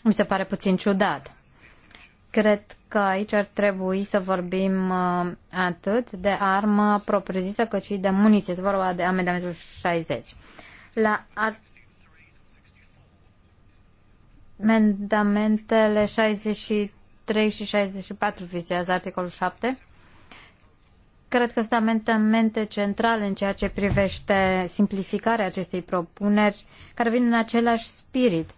mi se pare puțin ciudat. Cred că aici ar trebui să vorbim uh, atât de armă propriu-zisă cât și de muniție. Este vorba de amendamentul 60. La amendamentele 63 și 64 vizează articolul 7. Cred că sunt amendamente centrale în ceea ce privește simplificarea acestei propuneri, care vin în același spirit.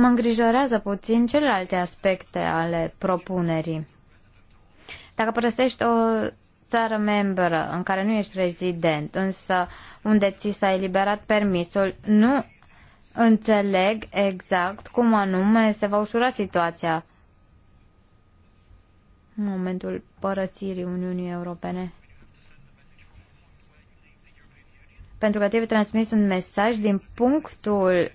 mă îngrijorează puțin celelalte aspecte ale propunerii. Dacă părăsești o țară membră în care nu ești rezident, însă unde ți s-a eliberat permisul, nu înțeleg exact cum anume se va ușura situația în momentul părăsirii Uniunii Europene. Pentru că trebuie transmis un mesaj din punctul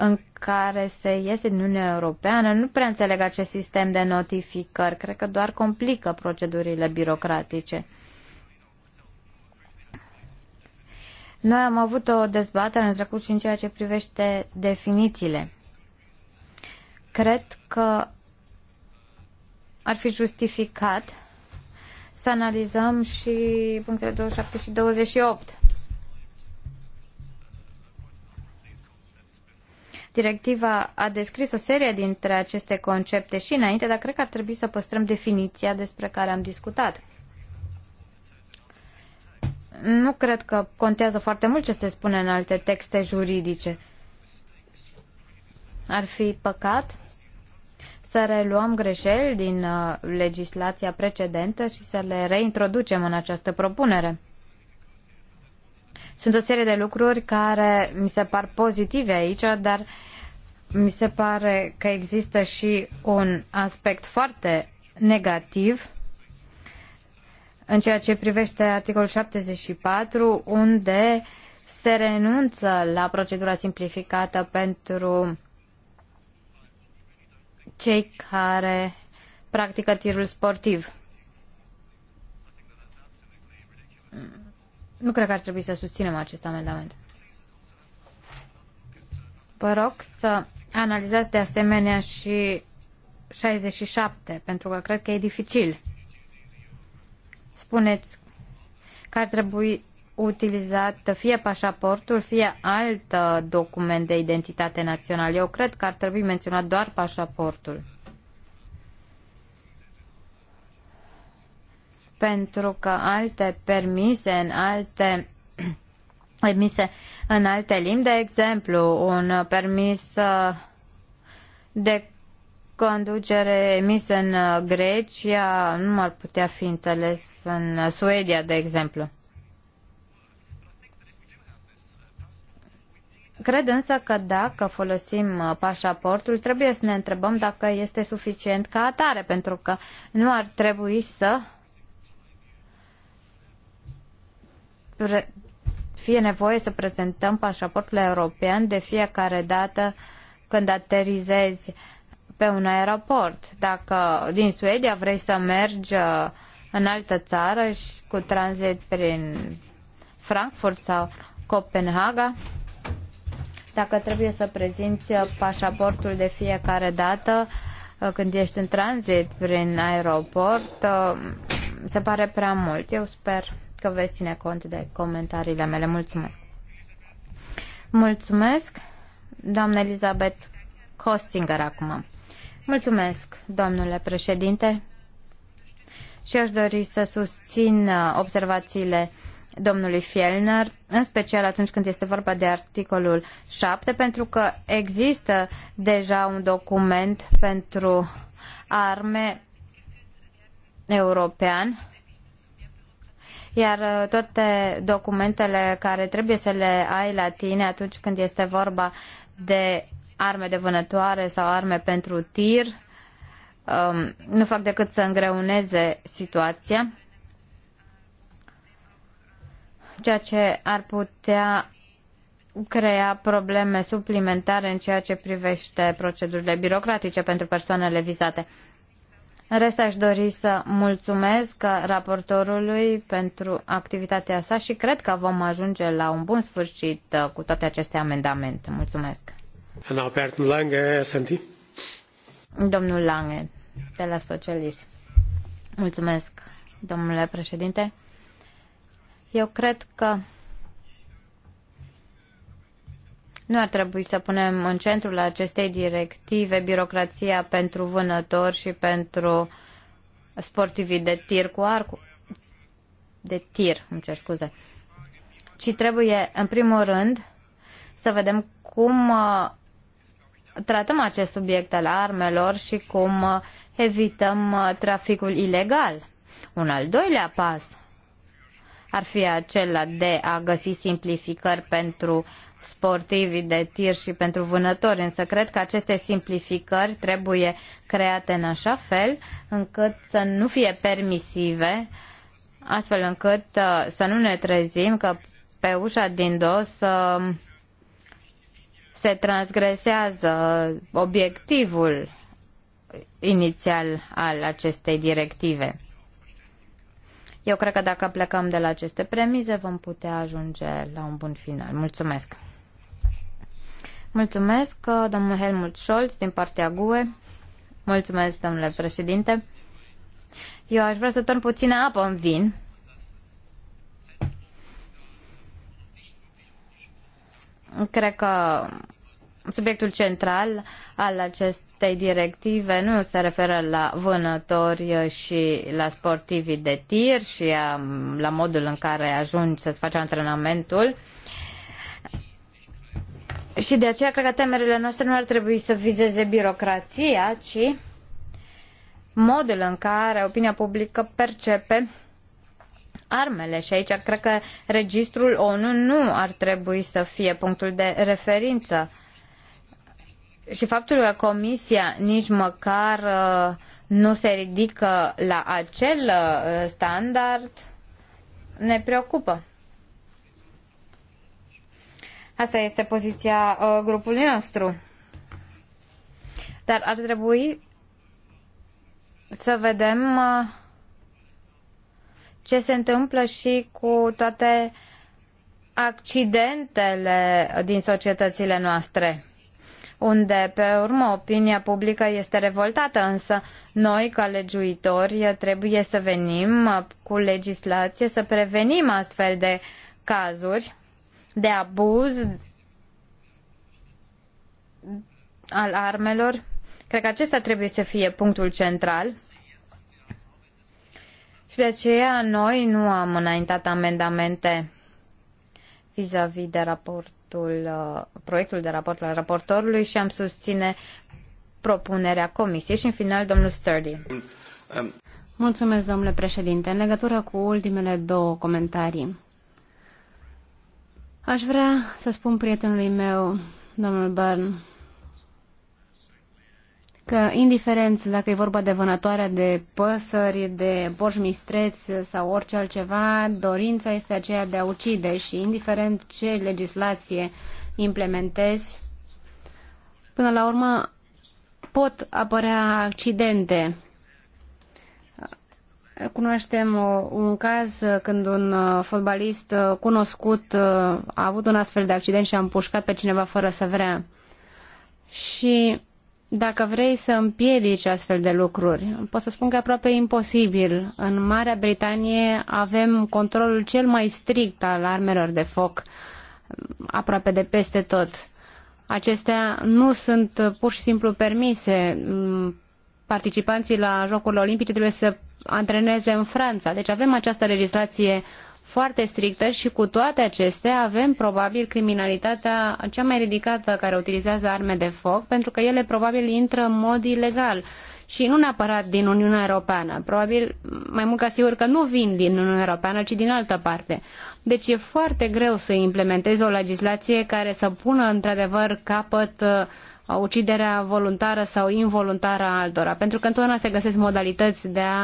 în care se iese din Uniunea Europeană, nu prea înțeleg acest sistem de notificări. Cred că doar complică procedurile birocratice. Noi am avut o dezbatere în trecut și în ceea ce privește definițiile. Cred că ar fi justificat să analizăm și punctele 27 și 28. Directiva a descris o serie dintre aceste concepte și înainte, dar cred că ar trebui să păstrăm definiția despre care am discutat. Nu cred că contează foarte mult ce se spune în alte texte juridice. Ar fi păcat să reluăm greșeli din uh, legislația precedentă și să le reintroducem în această propunere. Sunt o serie de lucruri care mi se par pozitive aici, dar mi se pare că există și un aspect foarte negativ în ceea ce privește articolul 74, unde se renunță la procedura simplificată pentru cei care practică tirul sportiv. Nu cred că ar trebui să susținem acest amendament. Vă rog să analizați de asemenea și 67, pentru că cred că e dificil. Spuneți că ar trebui utilizat fie pașaportul, fie alt document de identitate națională. Eu cred că ar trebui menționat doar pașaportul. pentru că alte permise în alte emise în alte limbi, de exemplu, un permis uh, de conducere emis în uh, Grecia nu ar putea fi înțeles în uh, Suedia, de exemplu. Cred însă că dacă folosim pașaportul, trebuie să ne întrebăm dacă este suficient ca atare, pentru că nu ar trebui să fie nevoie să prezentăm pașaportul european de fiecare dată când aterizezi pe un aeroport. Dacă din Suedia vrei să mergi uh, în altă țară și cu tranzit prin Frankfurt sau Copenhaga, dacă trebuie să prezinți uh, pașaportul de fiecare dată uh, când ești în tranzit prin aeroport, se pare prea mult. Eu sper că veți ține cont de comentariile mele. Mulțumesc! Mulțumesc, doamna Elizabeth Costinger, acum. Mulțumesc, domnule președinte, și aș dori să susțin uh, observațiile domnului Fielner, în special atunci când este vorba de articolul 7, pentru că există deja un document pentru arme european iar uh, toate documentele care trebuie să le ai la tine atunci când este vorba de arme de vânătoare sau arme pentru tir, um, nu fac decât să îngreuneze situația, ceea ce ar putea crea probleme suplimentare în ceea ce privește procedurile birocratice pentru persoanele vizate. În rest, aș dori să mulțumesc raportorului pentru activitatea sa și cred că vom ajunge la un bun sfârșit uh, cu toate aceste amendamente. Mulțumesc. Domnul Lange, de la Socialiști. Mulțumesc, domnule președinte. Eu cred că Nu ar trebui să punem în centrul acestei directive birocrația pentru vânători și pentru sportivii de tir cu arc, de tir, îmi cer scuze, ci trebuie, în primul rând, să vedem cum uh, tratăm acest subiect al armelor și cum uh, evităm uh, traficul ilegal. Un al doilea pas ar fi acela de a găsi simplificări pentru sportivii de tir și pentru vânători, însă cred că aceste simplificări trebuie create în așa fel încât să nu fie permisive, astfel încât uh, să nu ne trezim că pe ușa din dos uh, se transgresează obiectivul inițial al acestei directive. Eu cred că dacă plecăm de la aceste premize, vom putea ajunge la un bun final. Mulțumesc! Mulțumesc, uh, domnul Helmut Scholz, din partea GUE. Mulțumesc, domnule președinte. Eu aș vrea să torn puțină apă în vin. Cred că subiectul central al acestei directive nu se referă la vânători și la sportivii de tir și la modul în care ajungi să-ți faci antrenamentul. Și de aceea cred că temerile noastre nu ar trebui să vizeze birocrația, ci modul în care opinia publică percepe armele și aici cred că registrul ONU nu ar trebui să fie punctul de referință și faptul că Comisia nici măcar uh, nu se ridică la acel uh, standard ne preocupă. Asta este poziția uh, grupului nostru. Dar ar trebui să vedem ce se întâmplă și cu toate accidentele din societățile noastre unde, pe urmă, opinia publică este revoltată, însă noi, ca legiuitori, trebuie să venim cu legislație să prevenim astfel de cazuri de abuz al armelor. Cred că acesta trebuie să fie punctul central. Și de aceea noi nu am înaintat amendamente vis-a-vis de raport raportul, uh, proiectul de raport al raportorului și am susține propunerea comisiei și în final domnul Sturdy. Mulțumesc, domnule președinte. În legătură cu ultimele două comentarii, aș vrea să spun prietenului meu, domnul Byrne, că indiferent dacă e vorba de vânătoarea de păsări, de borși mistreți sau orice altceva, dorința este aceea de a ucide și indiferent ce legislație implementezi, până la urmă pot apărea accidente. Cunoaștem uh, un caz când un uh, fotbalist uh, cunoscut a avut un astfel de accident și a împușcat pe cineva fără să vrea. Și dacă vrei să împiedici astfel de lucruri, pot să spun că e aproape imposibil. În Marea Britanie avem controlul cel mai strict al armelor de foc, aproape de peste tot. Acestea nu sunt pur și simplu permise. Participanții la Jocurile Olimpice trebuie să antreneze în Franța. Deci avem această legislație foarte strictă și cu toate acestea avem probabil criminalitatea cea mai ridicată care utilizează arme de foc pentru că ele probabil intră în mod ilegal și nu neapărat din Uniunea Europeană. Probabil mai mult ca sigur că nu vin din Uniunea Europeană, ci din altă parte. Deci e foarte greu să implementezi o legislație care să pună într-adevăr capăt uh, uciderea voluntară sau involuntară a altora, pentru că întotdeauna se găsesc modalități de a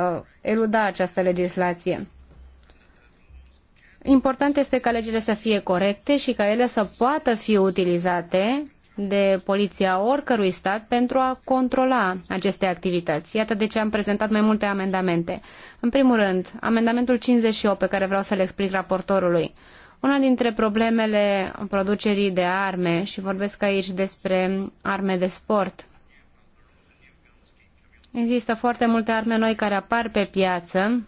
uh, eluda această legislație. Important este ca legile să fie corecte și ca ele să poată fi utilizate de poliția oricărui stat pentru a controla aceste activități. Iată de ce am prezentat mai multe amendamente. În primul rând, amendamentul 58 pe care vreau să l explic raportorului. Una dintre problemele producerii de arme, și vorbesc aici despre arme de sport, există foarte multe arme noi care apar pe piață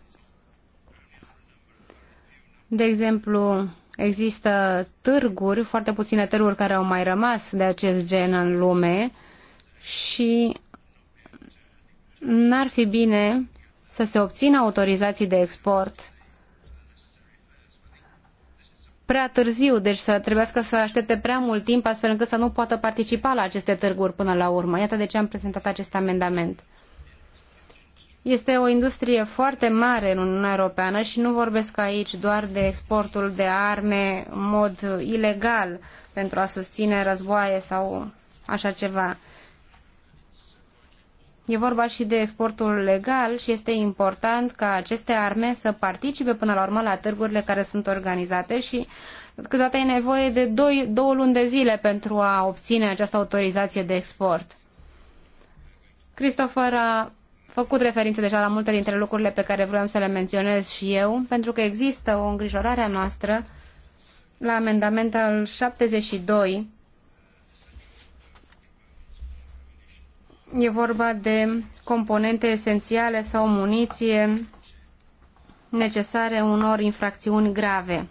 de exemplu, există târguri, foarte puține târguri care au mai rămas de acest gen în lume și n-ar fi bine să se obțină autorizații de export prea târziu, deci să trebuiască să aștepte prea mult timp astfel încât să nu poată participa la aceste târguri până la urmă. Iată de ce am prezentat acest amendament. Este o industrie foarte mare în Uniunea Europeană și nu vorbesc aici doar de exportul de arme în mod ilegal pentru a susține războaie sau așa ceva. E vorba și de exportul legal și este important ca aceste arme să participe până la urmă la târgurile care sunt organizate și câteodată e nevoie de doi, două luni de zile pentru a obține această autorizație de export. Christopher a făcut referință deja la multe dintre lucrurile pe care vreau să le menționez și eu, pentru că există o îngrijorare a noastră la amendamentul 72. E vorba de componente esențiale sau muniție necesare unor infracțiuni grave.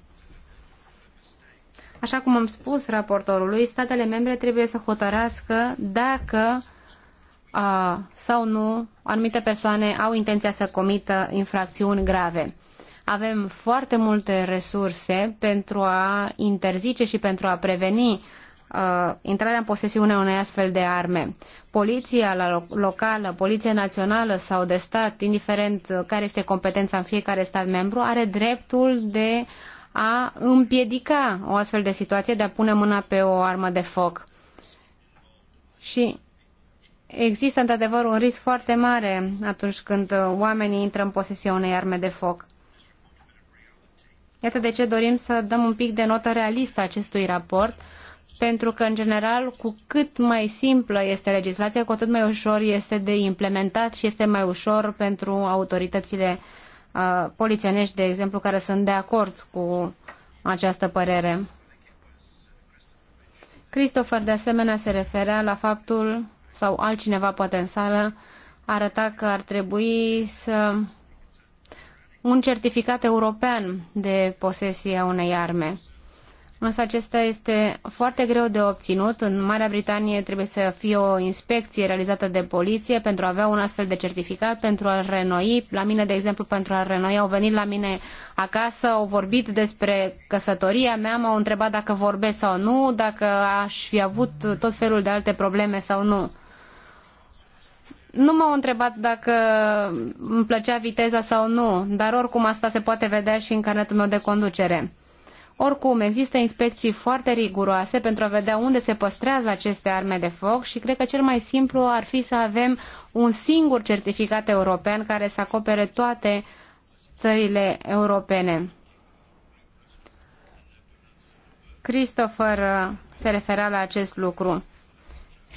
Așa cum am spus raportorului, statele membre trebuie să hotărască dacă a, sau nu anumite persoane au intenția să comită infracțiuni grave. Avem foarte multe resurse pentru a interzice și pentru a preveni uh, intrarea în posesiune unei astfel de arme. Poliția la locală, poliția națională sau de stat, indiferent care este competența în fiecare stat membru, are dreptul de a împiedica o astfel de situație, de a pune mâna pe o armă de foc. Și există într-adevăr un risc foarte mare atunci când oamenii intră în posesia unei arme de foc. Iată de ce dorim să dăm un pic de notă realistă acestui raport, pentru că, în general, cu cât mai simplă este legislația, cu atât mai ușor este de implementat și este mai ușor pentru autoritățile uh, polițienești, de exemplu, care sunt de acord cu această părere. Christopher, de asemenea, se referea la faptul sau altcineva poate în sală arăta că ar trebui să un certificat european de posesie a unei arme. Însă acesta este foarte greu de obținut. În Marea Britanie trebuie să fie o inspecție realizată de poliție pentru a avea un astfel de certificat, pentru a renoi. La mine, de exemplu, pentru a renoi, au venit la mine acasă, au vorbit despre căsătoria mea, m-au întrebat dacă vorbesc sau nu, dacă aș fi avut tot felul de alte probleme sau nu. Nu m-au întrebat dacă îmi plăcea viteza sau nu, dar oricum asta se poate vedea și în carnetul meu de conducere. Oricum, există inspecții foarte riguroase pentru a vedea unde se păstrează aceste arme de foc și cred că cel mai simplu ar fi să avem un singur certificat european care să acopere toate țările europene. Christopher se refera la acest lucru.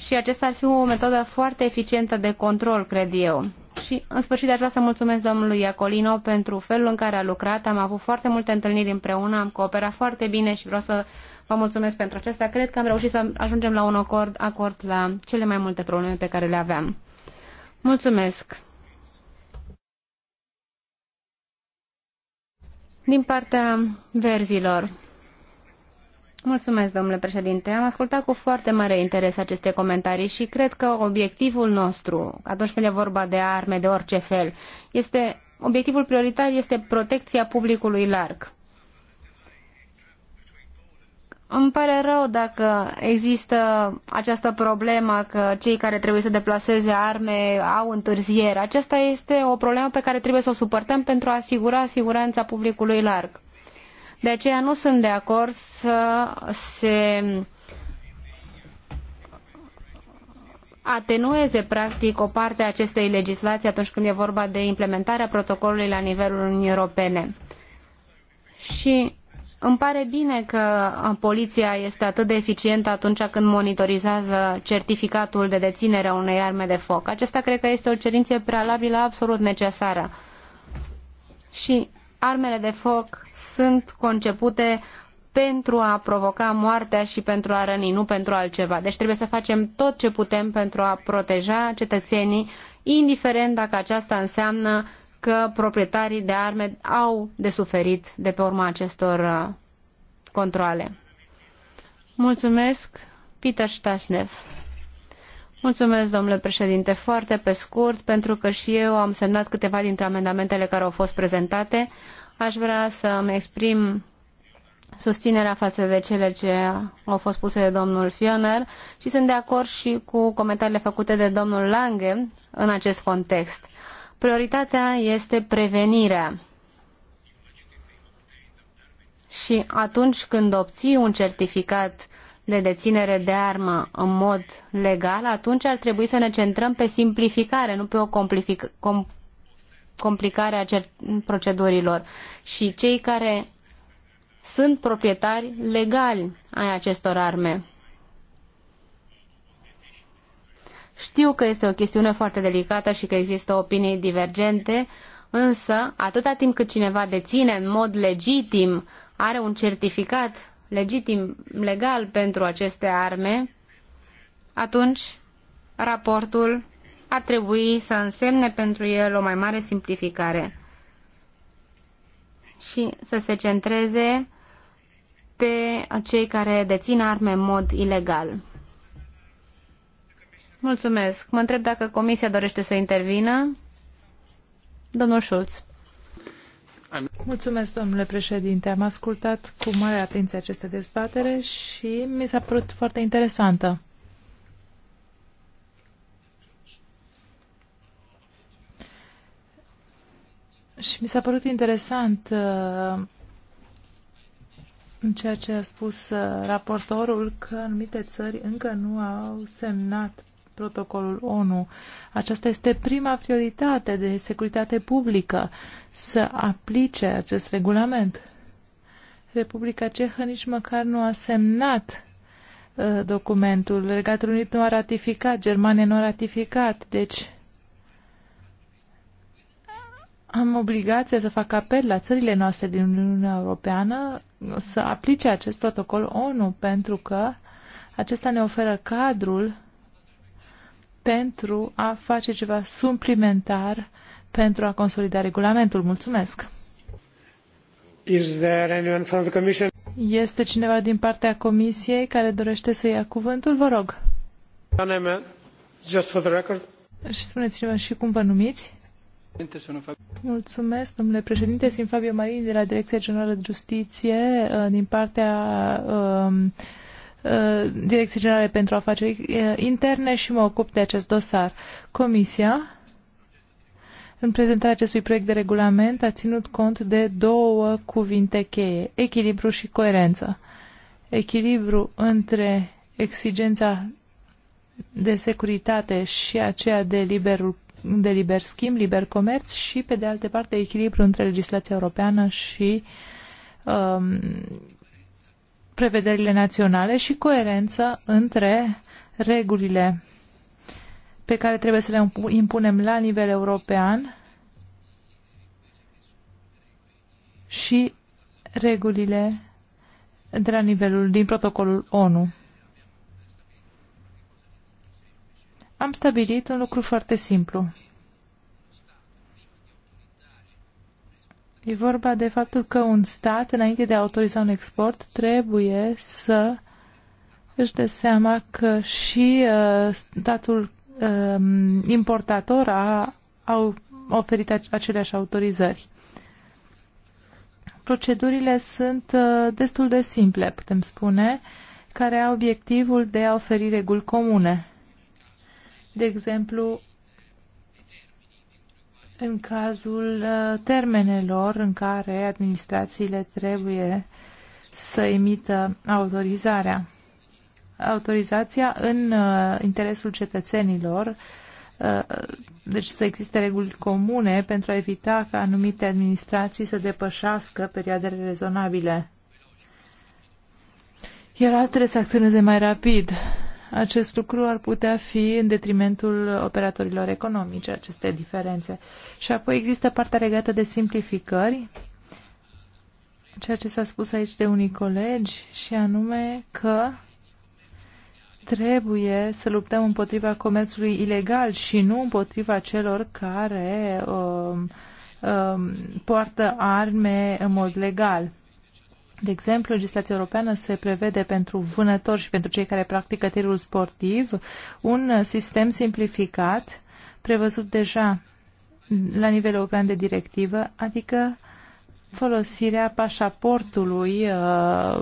Și acesta ar fi o metodă foarte eficientă de control, cred eu. Și, în sfârșit, aș vrea să mulțumesc domnului Iacolino pentru felul în care a lucrat. Am avut foarte multe întâlniri împreună, am cooperat foarte bine și vreau să vă mulțumesc pentru acesta. Cred că am reușit să ajungem la un acord, acord la cele mai multe probleme pe care le aveam. Mulțumesc! Din partea verzilor, Mulțumesc, domnule președinte. Am ascultat cu foarte mare interes aceste comentarii și cred că obiectivul nostru, atunci când e vorba de arme de orice fel, este obiectivul prioritar este protecția publicului larg. Îmi pare rău dacă există această problemă că cei care trebuie să deplaseze arme au întârziere. Aceasta este o problemă pe care trebuie să o suportăm pentru a asigura siguranța publicului larg. De aceea nu sunt de acord să se atenueze practic o parte a acestei legislații atunci când e vorba de implementarea protocolului la nivelul Uniunii Europene. Și îmi pare bine că poliția este atât de eficientă atunci când monitorizează certificatul de deținere a unei arme de foc. Acesta cred că este o cerință prealabilă absolut necesară. Și armele de foc sunt concepute pentru a provoca moartea și pentru a răni, nu pentru altceva. Deci trebuie să facem tot ce putem pentru a proteja cetățenii, indiferent dacă aceasta înseamnă că proprietarii de arme au de suferit de pe urma acestor uh, controle. Mulțumesc, Peter Stasnev. Mulțumesc, domnule președinte, foarte pe scurt, pentru că și eu am semnat câteva dintre amendamentele care au fost prezentate. Aș vrea să-mi exprim susținerea față de cele ce au fost puse de domnul Fioner și sunt de acord și cu comentariile făcute de domnul Lange în acest context. Prioritatea este prevenirea. Și atunci când obții un certificat de deținere de armă în mod legal, atunci ar trebui să ne centrăm pe simplificare, nu pe o com complicare a procedurilor. Și cei care sunt proprietari legali ai acestor arme. Știu că este o chestiune foarte delicată și că există opinii divergente, însă atâta timp cât cineva deține în mod legitim, are un certificat legitim, legal pentru aceste arme, atunci raportul ar trebui să însemne pentru el o mai mare simplificare și să se centreze pe cei care dețin arme în mod ilegal. Mulțumesc. Mă întreb dacă Comisia dorește să intervină. Domnul Schulz. Mulțumesc, domnule președinte. Am ascultat cu mare atenție aceste dezbatere și mi s-a părut foarte interesantă. Și mi s-a părut interesant uh, în ceea ce a spus uh, raportorul că anumite țări încă nu au semnat protocolul ONU. Aceasta este prima prioritate de securitate publică, să aplice acest regulament. Republica Cehă nici măcar nu a semnat uh, documentul. Regatul Unit nu a ratificat, Germania nu a ratificat, deci am obligația să fac apel la țările noastre din Uniunea Europeană să aplice acest protocol ONU, pentru că acesta ne oferă cadrul pentru a face ceva suplimentar pentru a consolida regulamentul. Mulțumesc! Este cineva din partea comisiei care dorește să ia cuvântul? Vă rog. Just for the record. Și spuneți-ne și cum vă numiți. Mulțumesc, domnule președinte. Sunt Fabio Marini de la Direcția Generală de Justiție uh, din partea uh, Uh, Direcției Generale pentru Afaceri uh, Interne și mă ocup de acest dosar. Comisia, în prezentarea acestui proiect de regulament, a ținut cont de două cuvinte cheie, echilibru și coerență. Echilibru între exigența de securitate și aceea de, liberul, de liber schimb, liber comerț și, pe de altă parte, echilibru între legislația europeană și um, prevederile naționale și coerență între regulile pe care trebuie să le impunem la nivel european și regulile de la nivelul din protocolul ONU. Am stabilit un lucru foarte simplu. E vorba de faptul că un stat, înainte de a autoriza un export, trebuie să își dă seama că și uh, statul uh, importator a, a oferit aceleași autorizări. Procedurile sunt uh, destul de simple, putem spune, care au obiectivul de a oferi reguli comune. De exemplu, în cazul uh, termenelor în care administrațiile trebuie să emită autorizarea. Autorizația în uh, interesul cetățenilor, uh, deci să existe reguli comune pentru a evita ca anumite administrații să depășească perioadele rezonabile. Iar altele să acționeze mai rapid acest lucru ar putea fi în detrimentul operatorilor economice, aceste diferențe. Și apoi există partea legată de simplificări, ceea ce s-a spus aici de unii colegi, și anume că trebuie să luptăm împotriva comerțului ilegal și nu împotriva celor care um, um, poartă arme în mod legal. De exemplu, legislația europeană se prevede pentru vânători și pentru cei care practică tirul sportiv un sistem simplificat prevăzut deja la nivel european de directivă, adică folosirea pașaportului uh,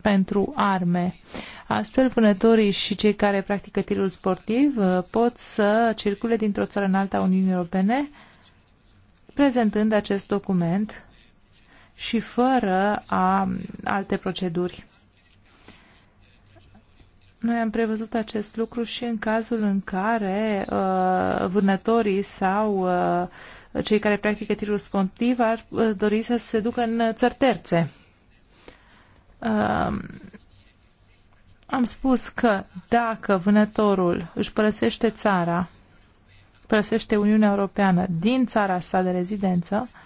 pentru arme. Astfel, vânătorii și cei care practică tirul sportiv uh, pot să circule dintr-o țară în alta Uniunii Europene prezentând acest document și fără a, alte proceduri. Noi am prevăzut acest lucru și în cazul în care uh, vânătorii sau uh, cei care practică tirul sportiv ar uh, dori să se ducă în țări terțe. Uh, am spus că dacă vânătorul își părăsește țara, părăsește Uniunea Europeană din țara sa de rezidență, uh,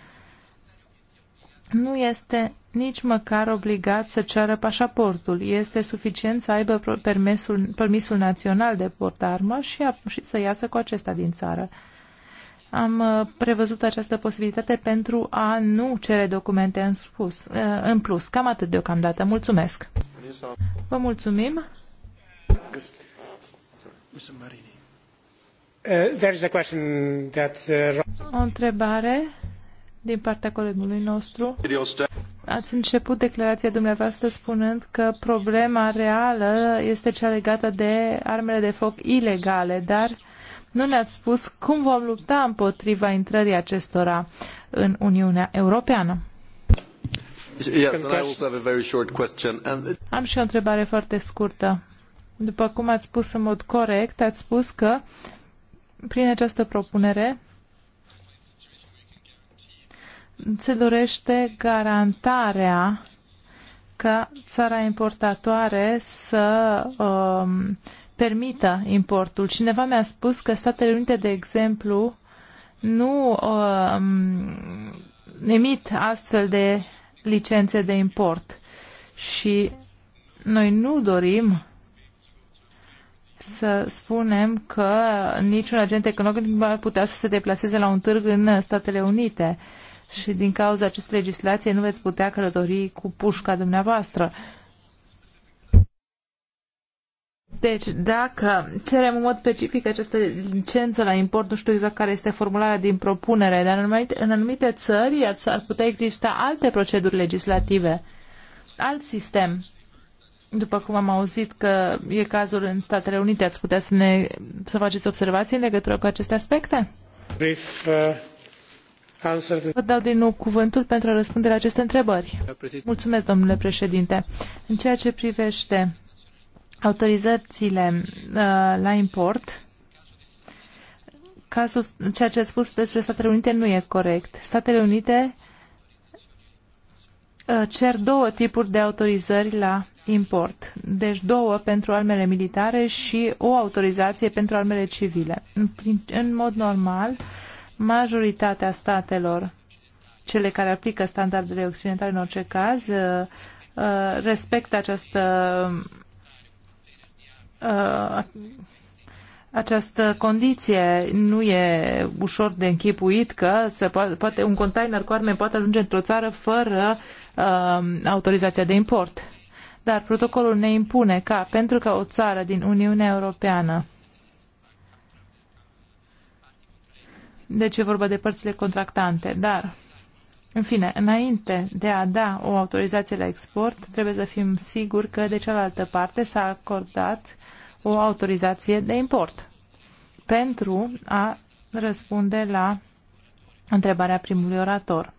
nu este nici măcar obligat să ceară pașaportul. Este suficient să aibă permisul, permisul național de portarmă și, a, și să iasă cu acesta din țară. Am uh, prevăzut această posibilitate pentru a nu cere documente în, spus, uh, în plus. Cam atât deocamdată. Mulțumesc. Vă mulțumim. Uh, o întrebare din partea colegului nostru. Da. Ați început declarația dumneavoastră spunând că problema reală este cea legată de armele de foc ilegale, dar nu ne-ați spus cum vom lupta împotriva intrării acestora în Uniunea Europeană. Am și o întrebare foarte scurtă. După cum ați spus în mod corect, ați spus că prin această propunere se dorește garantarea ca țara importatoare să um, permită importul. Cineva mi-a spus că Statele Unite, de exemplu, nu um, emit astfel de licențe de import și noi nu dorim să spunem că niciun agent economic nu ar putea să se deplaseze la un târg în Statele Unite. Uh, și din cauza acestei legislații nu veți putea călători cu pușca dumneavoastră. Deci, dacă cerem în mod specific această licență la import, nu știu exact care este formularea din propunere, dar în anumite, țări ar putea exista alte proceduri legislative, alt sistem. După cum am auzit că e cazul în Statele Unite, ați putea să, ne, să faceți observații în legătură cu aceste aspecte? uh... Vă dau din nou cuvântul pentru a răspunde la aceste întrebări. Mulțumesc, domnule președinte. În ceea ce privește autorizațiile uh, la import, cazul, ceea ce a spus despre Statele Unite nu e corect. Statele Unite uh, cer două tipuri de autorizări la import. Deci două pentru armele militare și o autorizație pentru armele civile. În, în mod normal, uh, majoritatea statelor, cele care aplică standardele occidentale în orice caz, uh, uh, respectă această uh, această condiție nu e ușor de închipuit că se poate, poate un container cu arme poate ajunge într-o țară fără autorizația de import. Dar protocolul ne impune ca pentru că o țară din Uniunea Europeană Deci e vorba de părțile contractante, dar în fine, înainte de a da o autorizație la export, trebuie să fim siguri că de cealaltă parte s-a acordat o autorizație de import pentru a răspunde la întrebarea primului orator.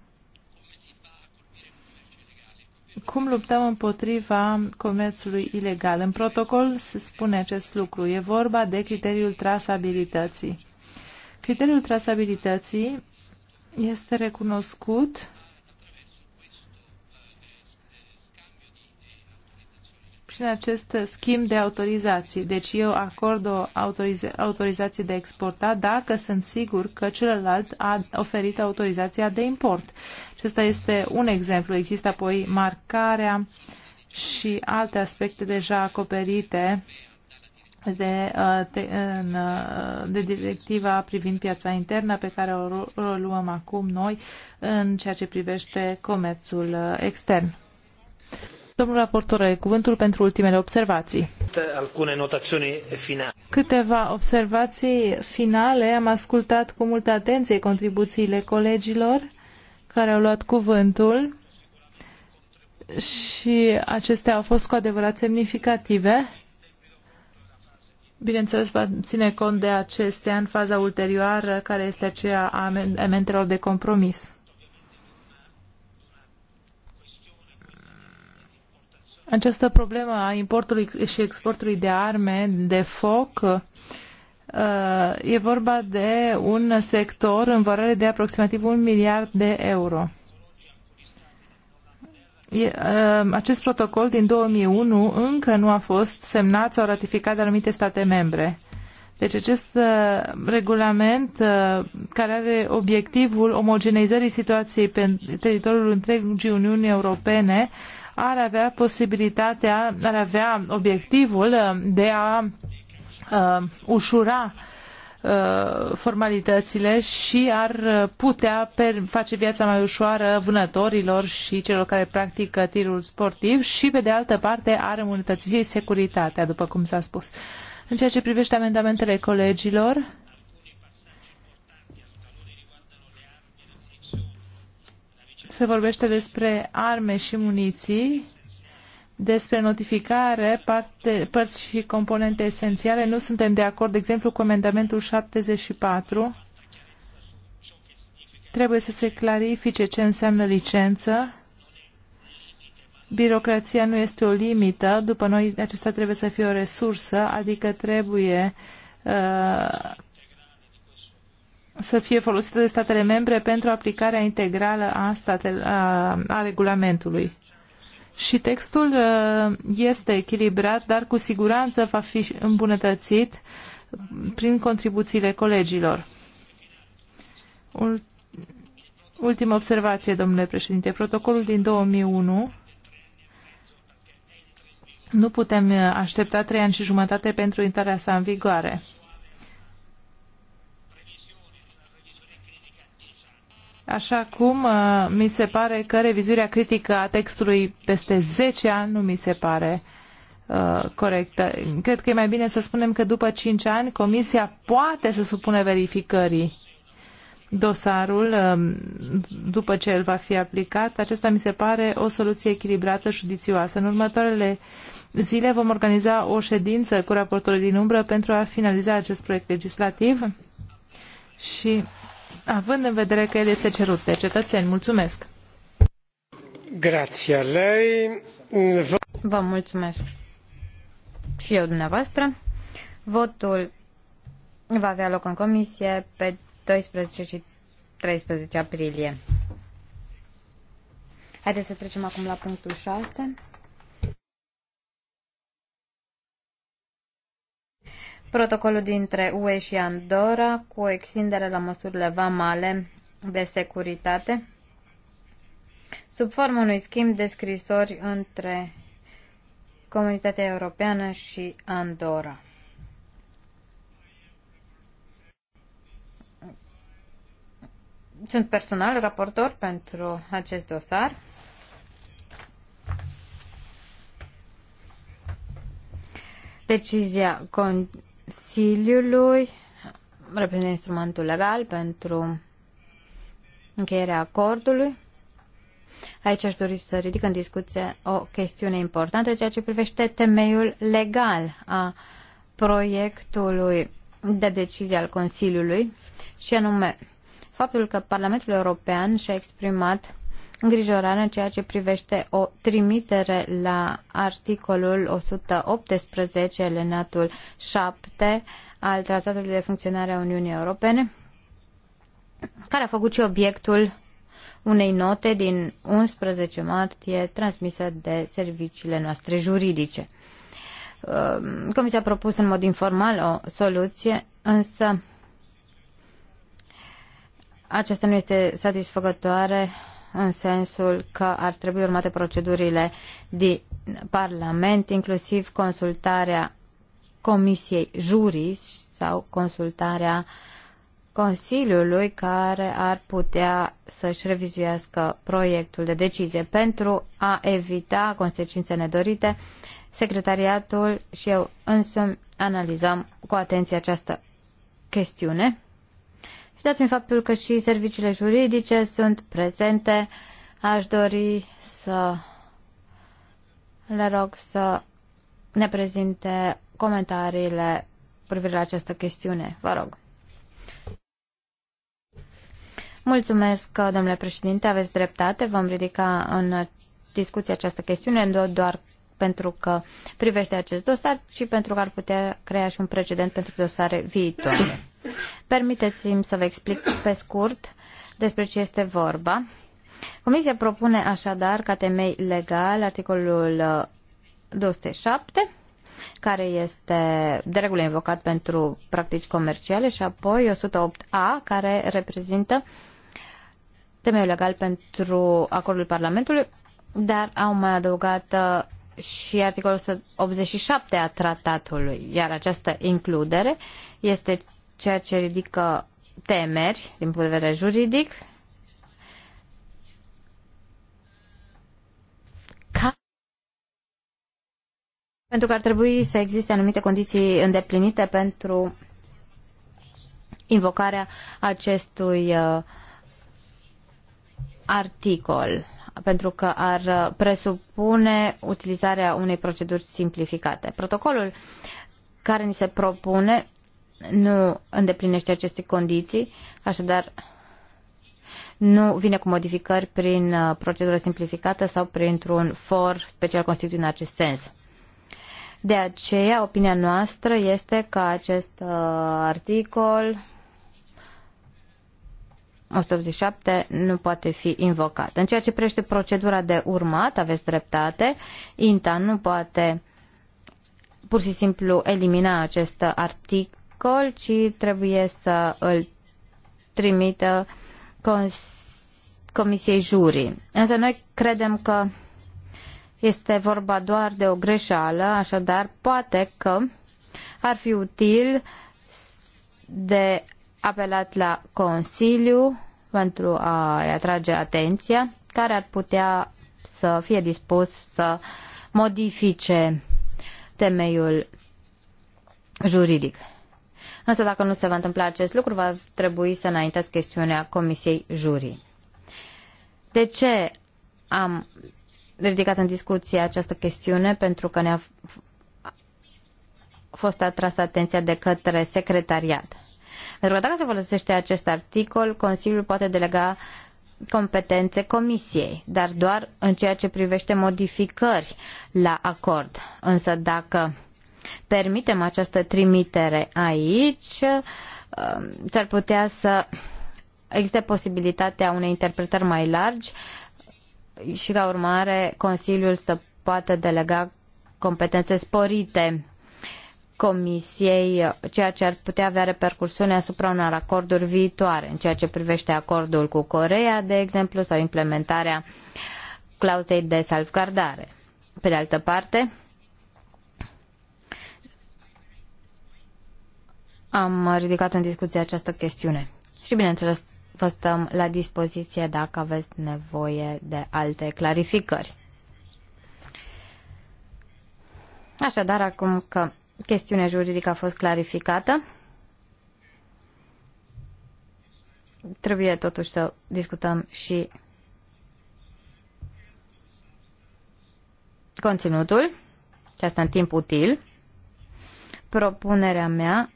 Cum luptăm împotriva comerțului ilegal? În protocol se spune acest lucru. E vorba de criteriul trasabilității. Criteriul trasabilității este recunoscut prin acest schimb de autorizații. Deci eu acord o autorizație de exporta dacă sunt sigur că celălalt a oferit autorizația de import. Acesta este un exemplu. Există apoi marcarea și alte aspecte deja acoperite de, de, uh, uh, de directiva privind piața internă pe care o, o luăm acum noi în ceea ce privește comerțul uh, extern. Domnul raportor, are cuvântul pentru ultimele observații. Câteva observații finale. Am ascultat cu multă atenție contribuțiile colegilor care au luat cuvântul și acestea au fost cu adevărat semnificative. Bineînțeles, va ține cont de acestea în faza ulterioară, care este aceea a amendelor de compromis. Această problemă a importului și exportului de arme, de foc, uh, e vorba de un sector în valoare de aproximativ un miliard de euro. Uh, acest protocol din 2001 încă nu a fost semnat sau ratificat de anumite state membre. Deci acest uh, regulament uh, care are obiectivul omogeneizării situației pe teritoriul întregii Uniunii Europene ar avea posibilitatea, ar avea obiectivul uh, de a uh, ușura Uh, formalitățile și ar putea face viața mai ușoară vânătorilor și celor care practică tirul sportiv și, pe de altă parte, ar îmbunătăți securitatea, după cum s-a spus. În ceea ce privește amendamentele colegilor, se vorbește despre arme și muniții despre notificare, parte, părți și componente esențiale. Nu suntem de acord, de exemplu, cu amendamentul 74. Trebuie să se clarifice ce înseamnă licență. Birocrația nu este o limită. După noi, acesta trebuie să fie o resursă, adică trebuie uh, să fie folosită de statele membre pentru aplicarea integrală a, statele, a, a regulamentului și textul uh, este echilibrat, dar cu siguranță va fi îmbunătățit prin contribuțiile colegilor. Ultima observație, domnule președinte. Protocolul din 2001 nu putem aștepta trei ani și jumătate pentru intrarea sa în vigoare. Așa cum uh, mi se pare că revizuirea critică a textului peste 10 ani nu mi se pare uh, corectă. Cred că e mai bine să spunem că după 5 ani Comisia poate să supune verificării dosarul uh, după ce el va fi aplicat. Acesta mi se pare o soluție echilibrată și judițioasă. În următoarele zile vom organiza o ședință cu raportorii din umbră pentru a finaliza acest proiect legislativ și având în vedere că el este cerut de cetățeni. Mulțumesc! Grația lei. Vă mulțumesc și eu dumneavoastră. Votul va avea loc în comisie pe 12 și 13 aprilie. Haideți să trecem acum la punctul 6. protocolul dintre UE și Andorra cu extindere la măsurile vamale de securitate sub formă unui schimb de scrisori între Comunitatea Europeană și Andorra. Sunt personal raportor pentru acest dosar. Decizia con- Consiliului reprezintă instrumentul legal pentru încheierea acordului. Aici aș dori să ridic în discuție o chestiune importantă, ceea ce privește temeiul legal a proiectului de decizie al Consiliului, și anume faptul că Parlamentul European și-a exprimat îngrijorare în ceea ce privește o trimitere la articolul 118, elenatul 7 al Tratatului de Funcționare a Uniunii Europene, care a făcut și obiectul unei note din 11 martie transmisă de serviciile noastre juridice. Um, Comisia a propus în mod informal o soluție, însă aceasta nu este satisfăcătoare în sensul că ar trebui urmate procedurile din Parlament, inclusiv consultarea Comisiei Juris sau consultarea Consiliului care ar putea să-și revizuiască proiectul de decizie. Pentru a evita consecințe nedorite, secretariatul și eu însumi analizăm cu atenție această chestiune și dat fiind faptul că și serviciile juridice sunt prezente, aș dori să le rog să ne prezinte comentariile privire la această chestiune. Vă rog. Mulțumesc, domnule președinte, aveți dreptate. Vom ridica în discuție această chestiune, nu doar pentru că privește acest dosar, ci pentru că ar putea crea și un precedent pentru dosare viitoare. Permiteți-mi să vă explic pe scurt despre ce este vorba. Comisia propune așadar ca temei legal articolul 207 uh, care este de regulă invocat pentru practici comerciale și apoi 108A care reprezintă temeiul legal pentru acordul Parlamentului, dar au mai adăugat uh, și articolul 187 a tratatului, iar această includere este ceea ce ridică temeri din punct de vedere juridic. Pentru că ar trebui să existe anumite condiții îndeplinite pentru invocarea acestui uh, articol, pentru că ar uh, presupune utilizarea unei proceduri simplificate. Protocolul care ni se propune nu îndeplinește aceste condiții, așadar nu vine cu modificări prin uh, procedură simplificată sau printr-un for special constituit în acest sens. De aceea, opinia noastră este că acest uh, articol 187 nu poate fi invocat. În ceea ce privește procedura de urmat, aveți dreptate, INTA nu poate pur și simplu elimina acest articol alcool, ci trebuie să îl trimită Comisiei Jurii. Însă noi credem că este vorba doar de o greșeală, așadar poate că ar fi util de apelat la Consiliu pentru a-i atrage atenția, care ar putea să fie dispus să modifice temeiul juridic. Însă dacă nu se va întâmpla acest lucru, va trebui să înaintați chestiunea Comisiei Jurii. De ce am ridicat în discuție această chestiune? Pentru că ne-a fost atrasă atenția de către secretariat. Pentru că dacă se folosește acest articol, Consiliul poate delega competențe Comisiei, dar doar în ceea ce privește modificări la acord. Însă dacă permitem această trimitere aici, um, s-ar putea să existe posibilitatea unei interpretări mai largi și ca urmare Consiliul să poată delega competențe sporite Comisiei, ceea ce ar putea avea repercursiune asupra unor acorduri viitoare, în ceea ce privește acordul cu Coreea, de exemplu, sau implementarea clauzei de salvgardare. Pe de altă parte, am ridicat în discuție această chestiune. Și bineînțeles, vă stăm la dispoziție dacă aveți nevoie de alte clarificări. Așadar, acum că chestiunea juridică a fost clarificată, trebuie totuși să discutăm și conținutul, aceasta în timp util. Propunerea mea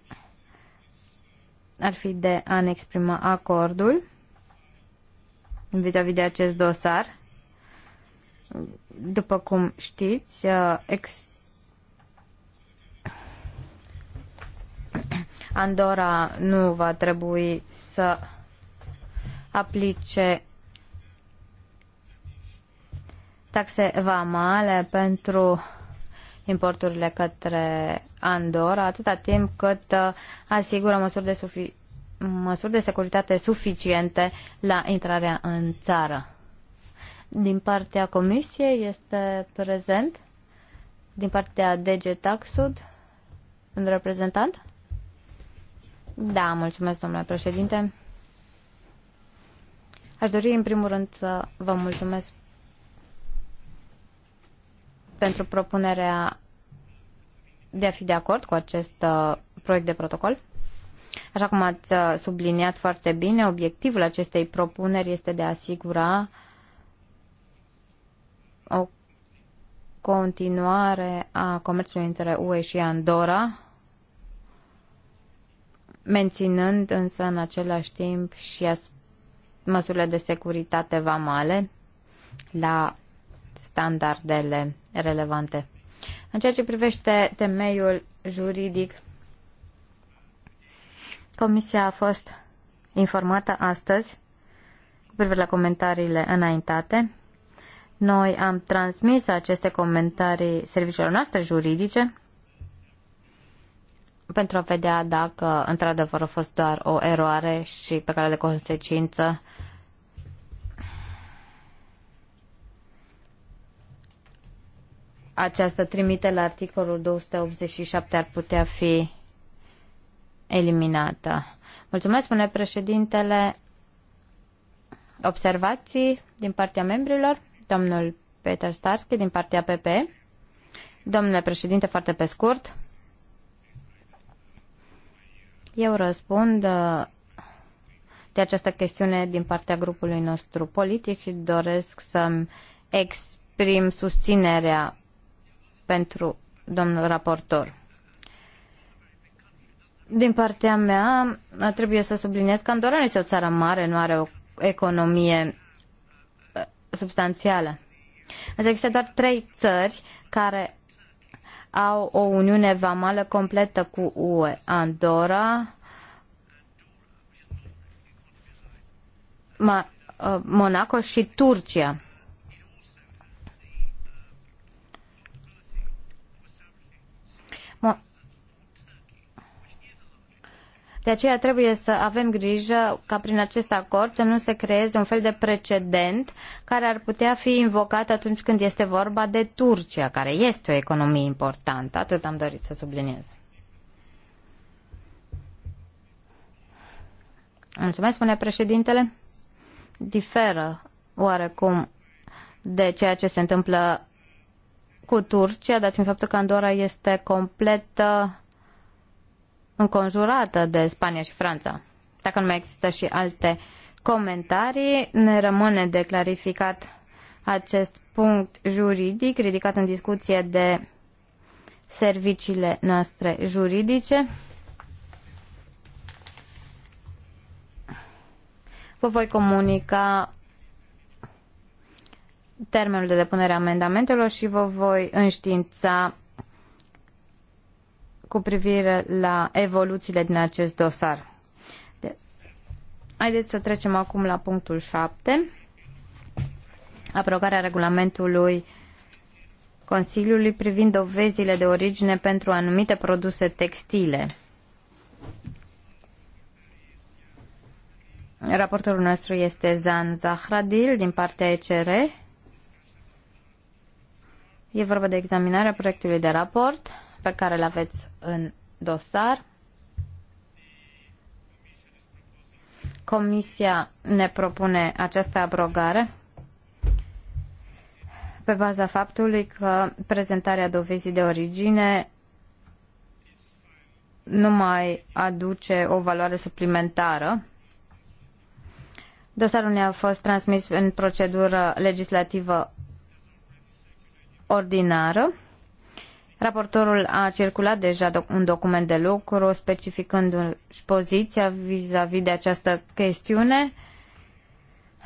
ar fi de a ne exprima acordul vis-a-vis de acest dosar. După cum știți, uh, ex- Andorra nu va trebui să aplice taxe vamale pentru importurile către Andorra, atâta timp cât uh, asigură măsuri de, sufi- măsuri de securitate suficiente la intrarea în țară. Din partea Comisiei este prezent, din partea DG Taxud, un reprezentant? Da, mulțumesc, domnule președinte. Aș dori, în primul rând, să vă mulțumesc pentru propunerea de a fi de acord cu acest uh, proiect de protocol. Așa cum ați uh, subliniat foarte bine, obiectivul acestei propuneri este de a asigura o continuare a comerțului între UE și Andorra, menținând însă în același timp și măsurile de securitate vamale la standardele relevante. În ceea ce privește temeiul juridic, Comisia a fost informată astăzi cu privire la comentariile înaintate. Noi am transmis aceste comentarii serviciilor noastre juridice pentru a vedea dacă într-adevăr a fost doar o eroare și pe care de consecință uh, această trimitere la articolul 287 ar putea fi eliminată. Mulțumesc, spune președintele. Observații din partea membrilor? Domnul Peter Starski din partea PP. Domnule președinte, foarte pe scurt. Eu răspund uh, de această chestiune din partea grupului nostru politic și doresc să-mi exprim susținerea pentru domnul raportor. Din partea mea, trebuie să subliniez că Andorra nu este o țară mare, nu are o economie uh, substanțială. Însă există doar trei țări care au o uniune vamală completă cu UE. Andorra, uh, Monaco și Turcia. De aceea trebuie să avem grijă ca prin acest acord să nu se creeze un fel de precedent care ar putea fi invocat atunci când este vorba de Turcia, care este o economie importantă. Atât am dorit să subliniez. Mulțumesc, spune președintele. Diferă oarecum de ceea ce se întâmplă cu Turcia, dat fiind faptul că Andorra este complet uh, înconjurată de Spania și Franța. Dacă nu mai există și alte comentarii, ne rămâne de clarificat acest punct juridic ridicat în discuție de serviciile noastre juridice. Vă voi comunica termenul de depunere a amendamentelor și vă voi înștiința cu privire la evoluțiile din acest dosar. De- Haideți să trecem acum la punctul 7, aprobarea regulamentului Consiliului privind dovezile de origine pentru anumite produse textile. Raportorul nostru este Zan Zahradil din partea ECR. E vorba de examinarea proiectului de raport pe care îl aveți în dosar. Comisia ne propune această abrogare pe baza faptului că prezentarea dovezii de origine nu mai aduce o valoare suplimentară. Dosarul ne-a fost transmis în procedură legislativă ordinară. Raportorul a circulat deja doc un document de lucru specificând și poziția vis-a-vis -vis de această chestiune.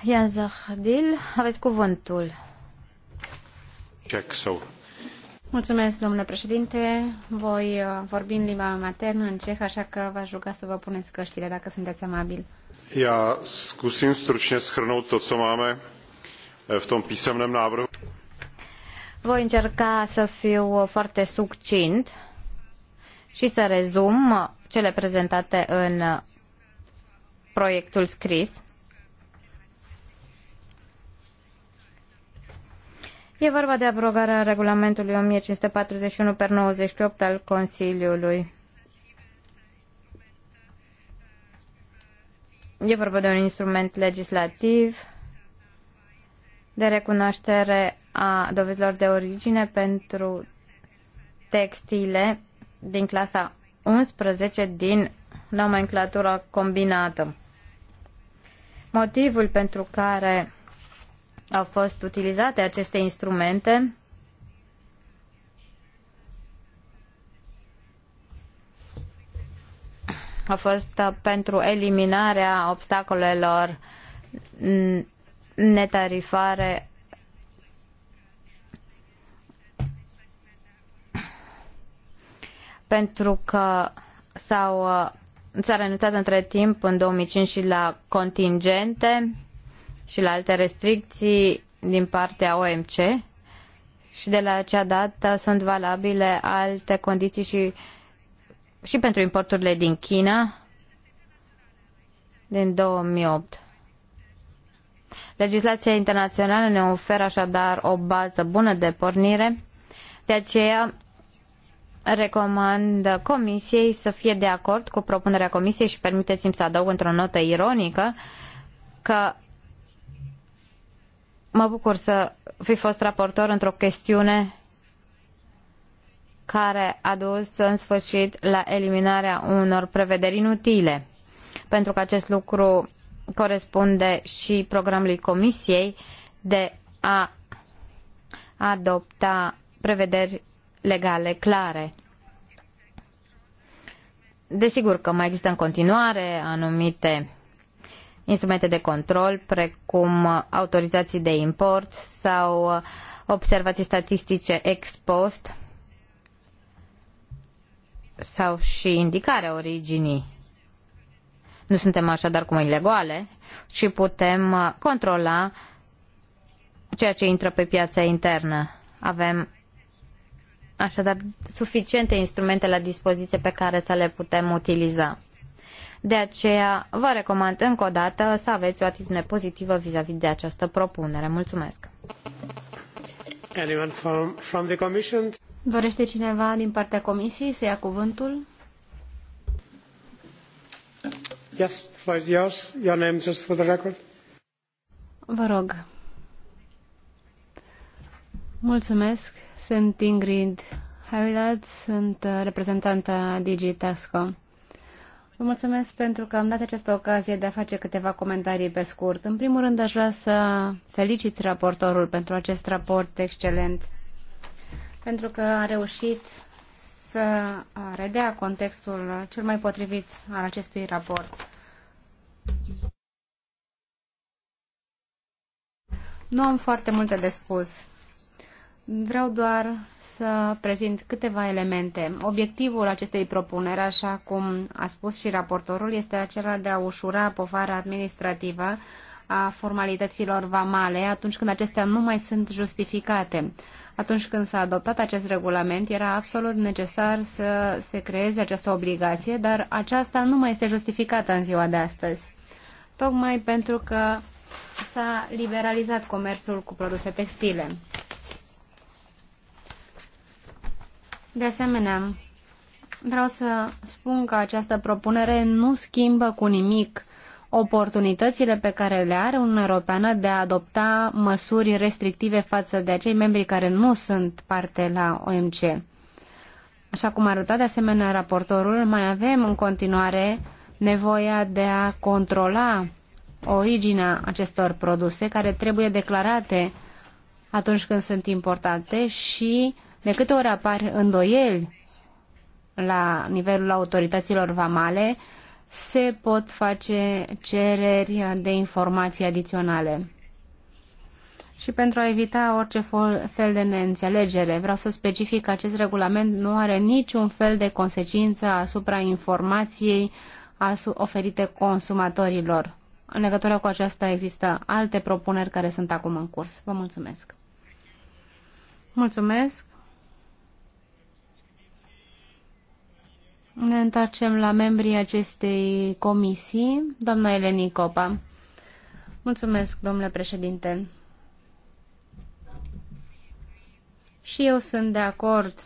Ian Zahadil, aveți cuvântul. Check, so. Mulțumesc, domnule președinte. Voi uh, vorbi în limba maternă, în ceh, așa că v-aș ruga să vă puneți căștile, dacă sunteți amabil. Ia, scusim, strucine, schrnout tot ce am eh, în tom pisemnem návrhu. Voi încerca să fiu foarte succint și să rezum cele prezentate în proiectul scris. E vorba de abrogarea regulamentului 1541 per 98 al Consiliului. E vorba de un instrument legislativ de recunoaștere a dovezilor de origine pentru textile din clasa 11 din nomenclatura combinată. Motivul pentru care au fost utilizate aceste instrumente a fost pentru eliminarea obstacolelor netarifare pentru că s-au, uh, s-a renunțat între timp în 2005 și la contingente și la alte restricții din partea OMC și de la acea dată sunt valabile alte condiții și, și pentru importurile din China din 2008. Legislația internațională ne oferă așadar o bază bună de pornire, de aceea recomand Comisiei să fie de acord cu propunerea Comisiei și permiteți-mi să adaug într-o notă ironică că mă bucur să fi fost raportor într-o chestiune care a dus în sfârșit la eliminarea unor prevederi inutile, pentru că acest lucru corespunde și programului Comisiei de a adopta prevederi legale clare. Desigur că mai există în continuare anumite instrumente de control, precum autorizații de import sau observații statistice ex post sau și indicarea originii. Nu suntem așadar cu mâinile goale și putem controla ceea ce intră pe piața internă. Avem Așadar, suficiente instrumente la dispoziție pe care să le putem utiliza. De aceea, vă recomand încă o dată să aveți o atitudine pozitivă vis-a-vis -vis de această propunere. Mulțumesc! Anyone from, from the commission? Dorește cineva din partea comisiei să ia cuvântul? Yes, floor is yours. Your name just for the record. Vă rog. Mulțumesc, sunt Ingrid Harilad, sunt uh, reprezentanta DigiTaxco. Vă mulțumesc pentru că am dat această ocazie de a face câteva comentarii pe scurt. În primul rând, aș vrea să felicit raportorul pentru acest raport excelent, pentru că a reușit să uh, redea contextul cel mai potrivit al acestui raport. Nu am foarte multe de spus. Vreau doar să prezint câteva elemente. Obiectivul acestei propuneri, așa cum a spus și raportorul, este acela de a ușura povara administrativă a formalităților vamale atunci când acestea nu mai sunt justificate. Atunci când s-a adoptat acest regulament, era absolut necesar să se creeze această obligație, dar aceasta nu mai este justificată în ziua de astăzi. Tocmai pentru că s-a liberalizat comerțul cu produse textile. De asemenea, vreau să spun că această propunere nu schimbă cu nimic oportunitățile pe care le are Uniunea Europeană de a adopta măsuri restrictive față de acei membri care nu sunt parte la OMC. Așa cum a arătat de asemenea raportorul, mai avem în continuare nevoia de a controla originea acestor produse care trebuie declarate atunci când sunt importate și uh, de câte ori apar îndoieli la nivelul autorităților vamale, se pot face cereri de informații adiționale. Și pentru a evita orice fel de neînțelegere, vreau să specific că acest regulament nu are niciun fel de consecință asupra informației oferite consumatorilor. În legătură cu aceasta există alte propuneri care sunt acum în curs. Vă mulțumesc! Mulțumesc! Ne întoarcem la membrii acestei comisii, doamna Eleni Copa. Mulțumesc, domnule președinte. Și eu sunt de acord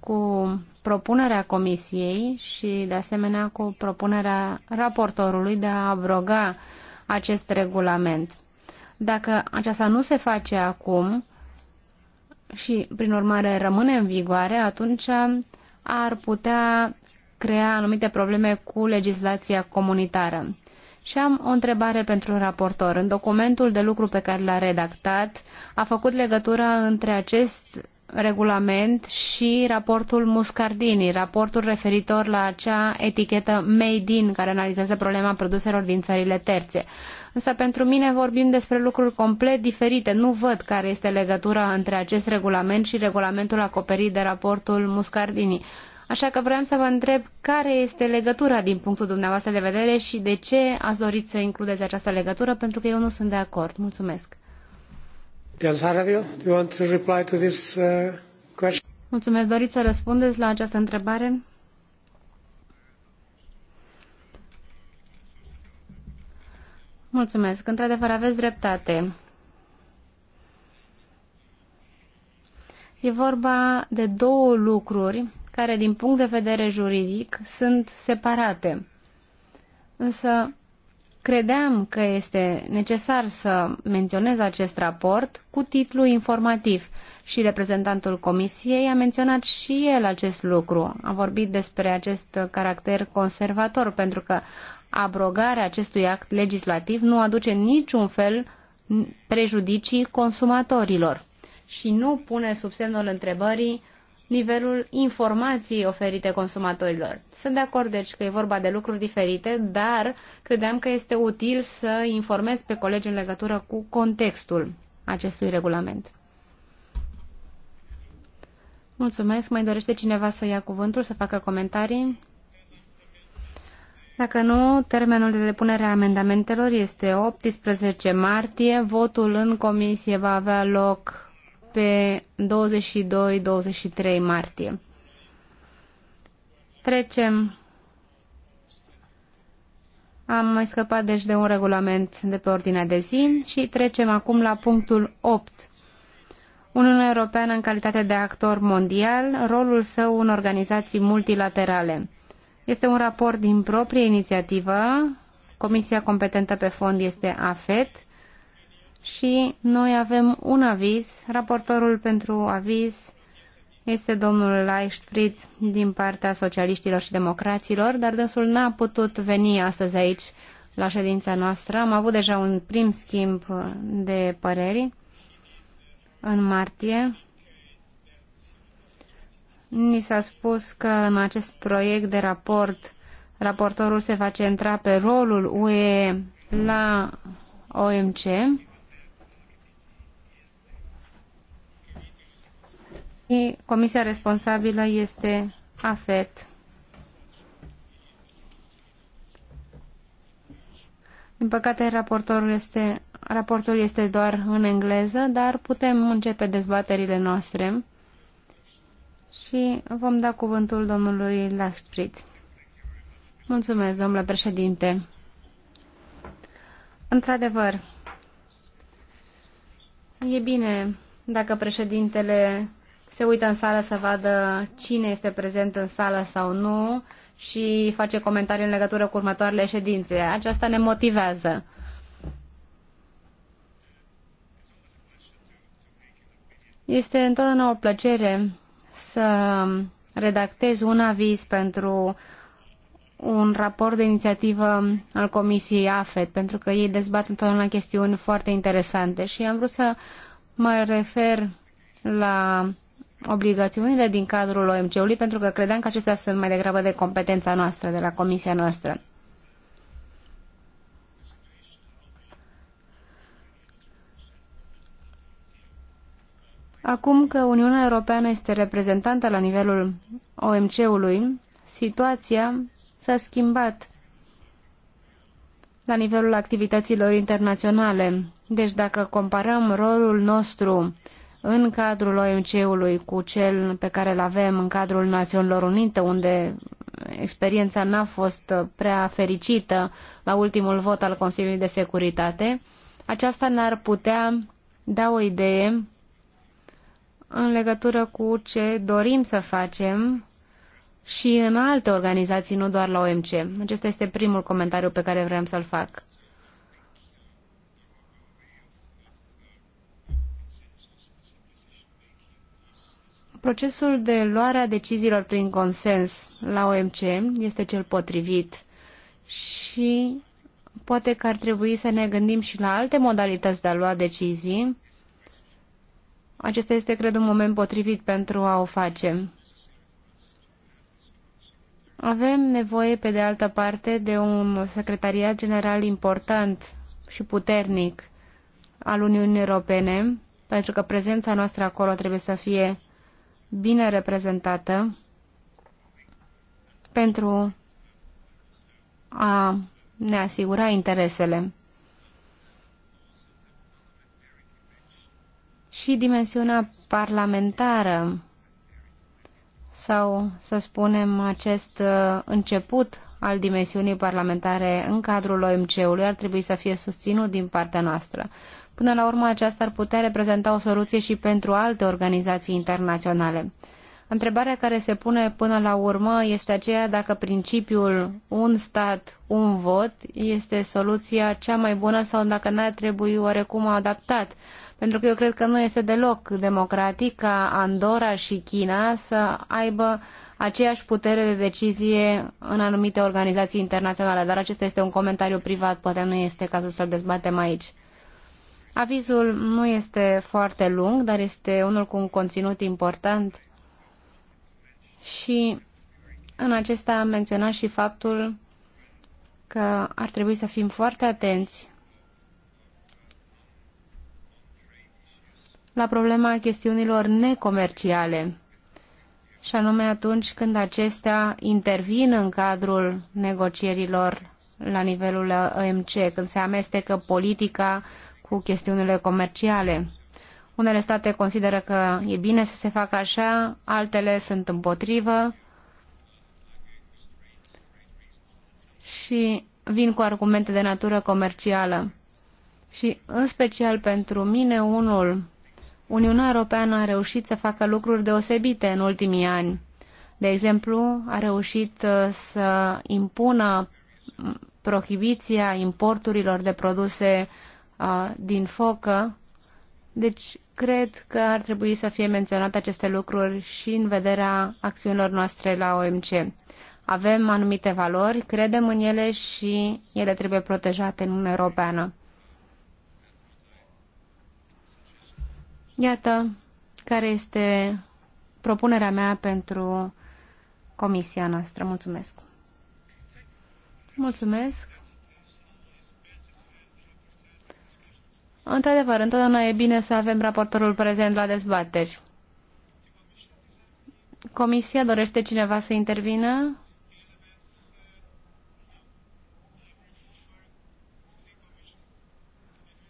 cu propunerea comisiei și, de asemenea, cu propunerea raportorului de a abroga acest regulament. Dacă aceasta nu se face acum și, prin urmare, rămâne în vigoare, atunci ar putea crea anumite probleme cu legislația comunitară. Și am o întrebare pentru raportor. În documentul de lucru pe care l-a redactat, a făcut legătura între acest regulament și raportul Muscardini, raportul referitor la acea etichetă Made in, care analizează problema produselor din țările terțe. Însă pentru mine vorbim despre lucruri complet diferite. Nu văd care este legătura între acest regulament și regulamentul acoperit de raportul Muscardini. Așa că vreau să vă întreb care este legătura din punctul dumneavoastră de vedere și de ce ați dorit să includeți această legătură, pentru că eu nu sunt de acord. Mulțumesc. Mulțumesc. Doriți să răspundeți la această întrebare? Mulțumesc. Într-adevăr, aveți dreptate. E vorba de două lucruri care, din punct de vedere juridic, sunt separate. Însă, credeam că este necesar să menționez acest raport cu titlu informativ și reprezentantul Comisiei a menționat și el acest lucru. A vorbit despre acest caracter conservator pentru că abrogarea acestui act legislativ nu aduce niciun fel prejudicii consumatorilor și nu pune sub semnul întrebării nivelul informației oferite consumatorilor. Sunt de acord, deci, că e vorba de lucruri diferite, dar credeam că este util să informez pe colegi în legătură cu contextul acestui regulament. Mulțumesc. Mai dorește cineva să ia cuvântul, să facă comentarii? Dacă nu, termenul de depunere a amendamentelor este 18 martie. Votul în comisie va avea loc pe 22-23 martie. Trecem. Am mai scăpat deci de un regulament de pe ordinea de zi și trecem acum la punctul 8. Uniunea Europeană în calitate de actor mondial, rolul său în organizații multilaterale. Este un raport din proprie inițiativă, comisia competentă pe fond este AFET și noi avem un aviz. Raportorul pentru aviz este domnul Leichtfried din partea socialiștilor și democraților, dar dânsul n-a putut veni astăzi aici la ședința noastră. Am avut deja un prim schimb de păreri în martie. Ni s-a spus că în acest proiect de raport raportorul se va centra pe rolul UE la OMC și comisia responsabilă este AFET. Din păcate, raportorul este, raportul este doar în engleză, dar putem începe dezbaterile noastre și vom da cuvântul domnului Lachfried. Mulțumesc, domnule președinte. Într-adevăr, e bine dacă președintele se uită în sală să vadă cine este prezent în sală sau nu și face comentarii în legătură cu următoarele ședințe. Aceasta ne motivează. Este întotdeauna o plăcere să redactez un aviz pentru un raport de inițiativă al Comisiei AFET, pentru că ei dezbat întotdeauna chestiuni foarte interesante și am vrut să mă refer la obligațiunile din cadrul OMC-ului pentru că credeam că acestea sunt mai degrabă de competența noastră, de la comisia noastră. Acum că Uniunea Europeană este reprezentantă la nivelul OMC-ului, situația s-a schimbat la nivelul activităților internaționale. Deci dacă comparăm rolul nostru în cadrul OMC-ului cu cel pe care îl avem în cadrul Națiunilor Unite, unde experiența n-a fost prea fericită la ultimul vot al Consiliului de Securitate, aceasta ne-ar putea da o idee în legătură cu ce dorim să facem și în alte organizații, nu doar la OMC. Acesta este primul comentariu pe care vreau să-l fac. Procesul de luare a deciziilor prin consens la OMC este cel potrivit și poate că ar trebui să ne gândim și la alte modalități de a lua decizii. Acesta este, cred, un moment potrivit pentru a o face. Avem nevoie, pe de altă parte, de un secretariat general important și puternic al Uniunii Europene, pentru că prezența noastră acolo trebuie să fie bine reprezentată pentru a ne asigura interesele. Și dimensiunea parlamentară sau, să spunem, acest uh, început al dimensiunii parlamentare în cadrul OMC-ului ar trebui să fie susținut din partea noastră. Până la urmă, aceasta ar putea reprezenta o soluție și pentru alte organizații internaționale. Întrebarea care se pune până la urmă este aceea dacă principiul un stat, un vot este soluția cea mai bună sau dacă n-ar trebui oarecum adaptat. Pentru că eu cred că nu este deloc democratic ca Andorra și China să aibă aceeași putere de decizie în anumite organizații internaționale, dar acesta este un comentariu privat, poate nu este cazul să-l dezbatem aici. Avizul nu este foarte lung, dar este unul cu un conținut important și în acesta am menționat și faptul că ar trebui să fim foarte atenți la problema chestiunilor necomerciale, și anume atunci când acestea intervin în cadrul negocierilor la nivelul OMC, când se amestecă politica cu chestiunile comerciale. Unele state consideră că e bine să se facă așa, altele sunt împotrivă și vin cu argumente de natură comercială. Și, în special pentru mine, unul, Uniunea Europeană a reușit să facă lucruri deosebite în ultimii ani. De exemplu, a reușit uh, să impună prohibiția importurilor de produse uh, a, din focă. Deci, cred că ar trebui să fie menționate aceste lucruri și în vederea acțiunilor noastre la OMC. Avem anumite valori, credem în ele și ele trebuie protejate în Uniunea Europeană. Iată care este propunerea mea pentru comisia noastră. Mulțumesc! Mulțumesc! Într-adevăr, întotdeauna e bine să avem raportorul prezent la dezbateri. Comisia dorește cineva să intervină?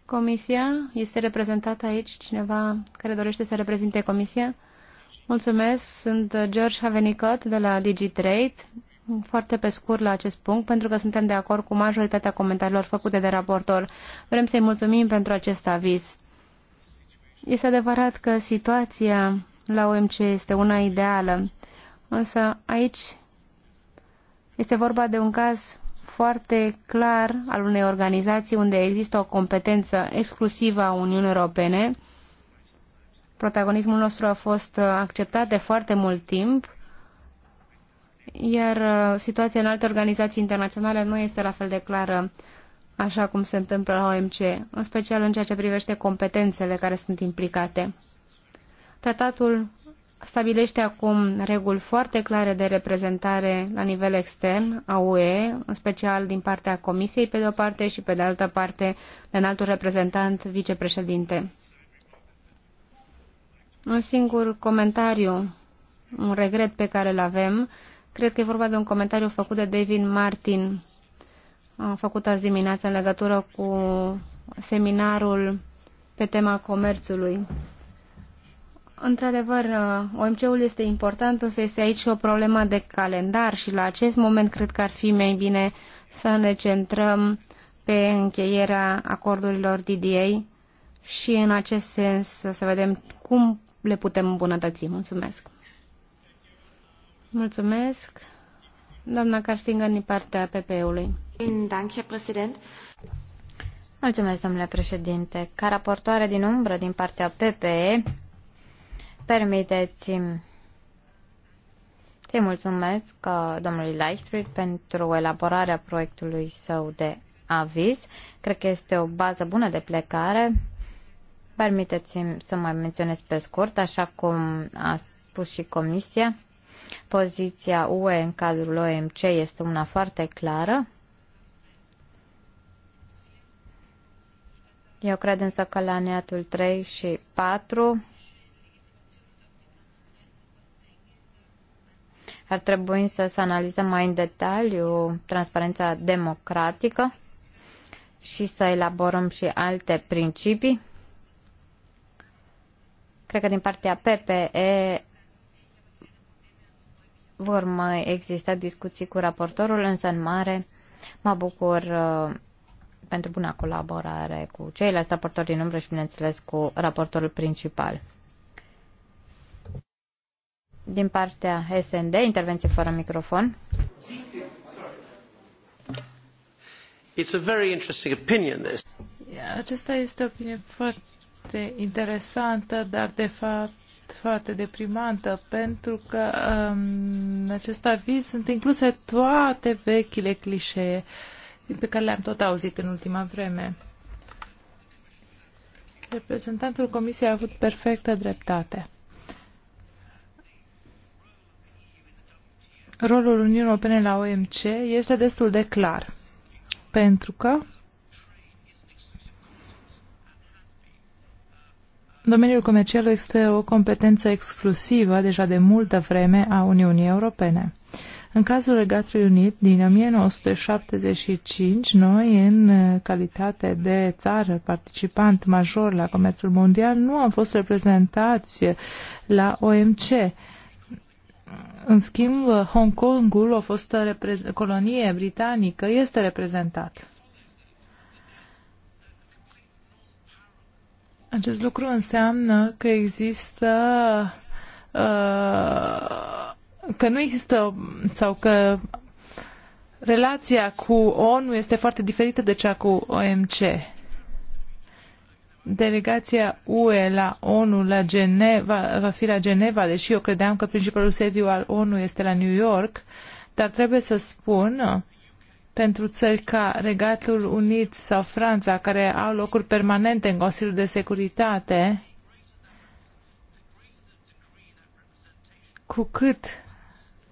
Comisia? Este reprezentată aici cineva care dorește să reprezinte Comisia? Mulțumesc, sunt George Havenicot de la DigiTrade foarte pe scurt la acest punct, pentru că suntem de acord cu majoritatea comentariilor făcute de raportor. Vrem să-i mulțumim pentru acest aviz. Este adevărat că situația la OMC este una ideală, însă aici este vorba de un caz foarte clar al unei organizații unde există o competență exclusivă a Uniunii Europene. Protagonismul nostru a fost acceptat de foarte mult timp iar uh, situația în alte organizații internaționale nu este la fel de clară așa cum se întâmplă la OMC, în special în ceea ce privește competențele care sunt implicate. Tratatul stabilește acum reguli foarte clare de reprezentare la nivel extern a UE, în special din partea Comisiei pe de o parte și pe de altă parte de înaltul reprezentant vicepreședinte. Un singur comentariu, un regret pe care îl avem, Cred că e vorba de un comentariu făcut de David Martin, făcut azi dimineața în legătură cu seminarul pe tema comerțului. Într-adevăr, OMC-ul este important, însă este aici și o problemă de calendar și la acest moment cred că ar fi mai bine să ne centrăm pe încheierea acordurilor DDA și în acest sens să vedem cum le putem îmbunătăți. Mulțumesc! Mulțumesc. Doamna Carstingă, din partea PPE-ului. Mulțumesc, domnule președinte. Ca raportoare din umbră din partea PPE, permiteți-mi să-i mulțumesc uh, domnului Leichtfried pentru elaborarea proiectului său de aviz. Cred că este o bază bună de plecare. Permiteți-mi să mai menționez pe scurt, așa cum a spus și Comisia, Poziția UE în cadrul OMC este una foarte clară. Eu cred însă că la neatul 3 și 4 ar trebui însă să analizăm mai în detaliu transparența democratică și să elaborăm și alte principii. Cred că din partea PPE vor mai exista discuții cu raportorul, însă în mare mă bucur uh, pentru buna colaborare cu ceilalți raportori din umbră și, bineînțeles, cu raportorul principal. Din partea SND, intervenție fără microfon. It's a very interesting opinion, this. Acesta este o opinie foarte interesantă, dar de fapt foarte deprimantă, pentru că um, în acest aviz sunt incluse toate vechile clișee pe care le-am tot auzit în ultima vreme. Reprezentantul Comisiei a avut perfectă dreptate. Rolul Uniunii Europene la OMC este destul de clar, pentru că Domeniul comercial este o competență exclusivă deja de multă vreme a Uniunii Europene. În cazul Regatului Unit din 1975, noi, în calitate de țară participant major la comerțul mondial, nu am fost reprezentați la OMC. În schimb, Hong Kongul, o fostă colonie britanică, este reprezentat. Acest lucru înseamnă că există uh, că nu există sau că relația cu ONU este foarte diferită de cea cu OMC. Delegația UE la ONU la Geneva, va fi la Geneva, deși eu credeam că principalul sediu al ONU este la New York, dar trebuie să spun pentru țări ca Regatul Unit sau Franța, care au locuri permanente în Consiliul de Securitate, cu cât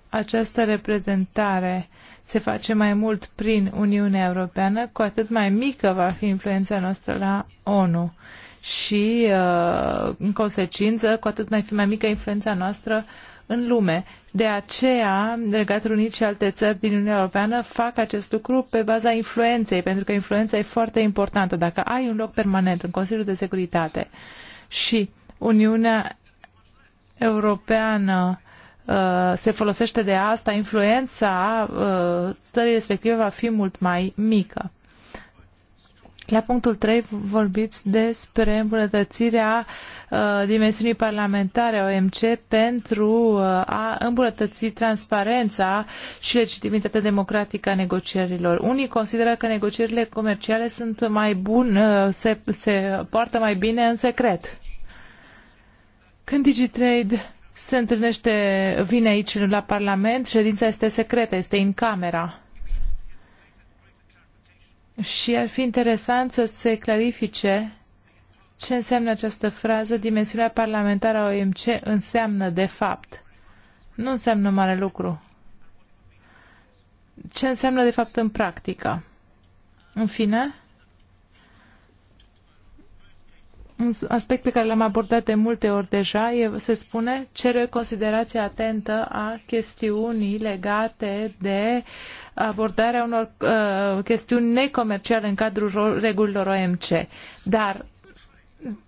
această reprezentare se face mai mult prin Uniunea Europeană, cu atât mai mică va fi influența noastră la ONU și, uh, în consecință, cu atât mai fi mai mică influența noastră în lume. De aceea, Regatul Unit și alte țări din Uniunea Europeană fac acest lucru pe baza influenței, pentru că influența e foarte importantă. Dacă ai un loc permanent în Consiliul de Securitate și Uniunea Europeană uh, se folosește de asta, influența țării uh, respective va fi mult mai mică. La punctul 3 vorbiți despre îmbunătățirea uh, dimensiunii parlamentare OMC pentru uh, a îmbunătăți transparența și legitimitatea democratică a negocierilor. Unii consideră că negocierile comerciale sunt mai bune, uh, se, se poartă mai bine în secret. Când DigiTrade se întâlnește, vine aici la Parlament, ședința este secretă, este în camera. Și ar fi interesant să se clarifice ce înseamnă această frază, dimensiunea parlamentară a OMC înseamnă de fapt. Nu înseamnă mare lucru. Ce înseamnă de fapt în practică? În fine, un aspect pe care l-am abordat de multe ori deja, e, se spune, cere considerație atentă a chestiunii legate de uh, abordarea unor uh, chestiuni necomerciale în cadrul regulilor OMC. Dar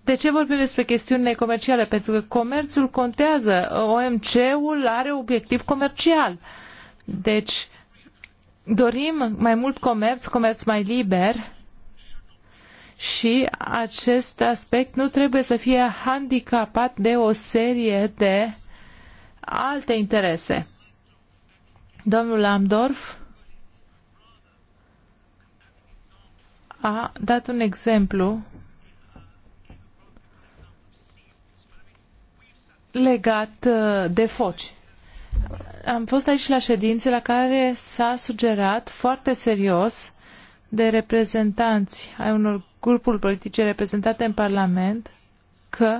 de ce vorbim despre chestiuni necomerciale? Pentru că comerțul contează. OMC-ul are obiectiv comercial. Deci, dorim mai mult comerț, comerț mai liber și acest aspect nu trebuie să fie handicapat de o serie de alte interese. Domnul Lambdorf a dat un exemplu legat uh, de foci. Am fost aici la ședințe la care s-a sugerat foarte serios de reprezentanți ai unor grupuri politice reprezentate în Parlament că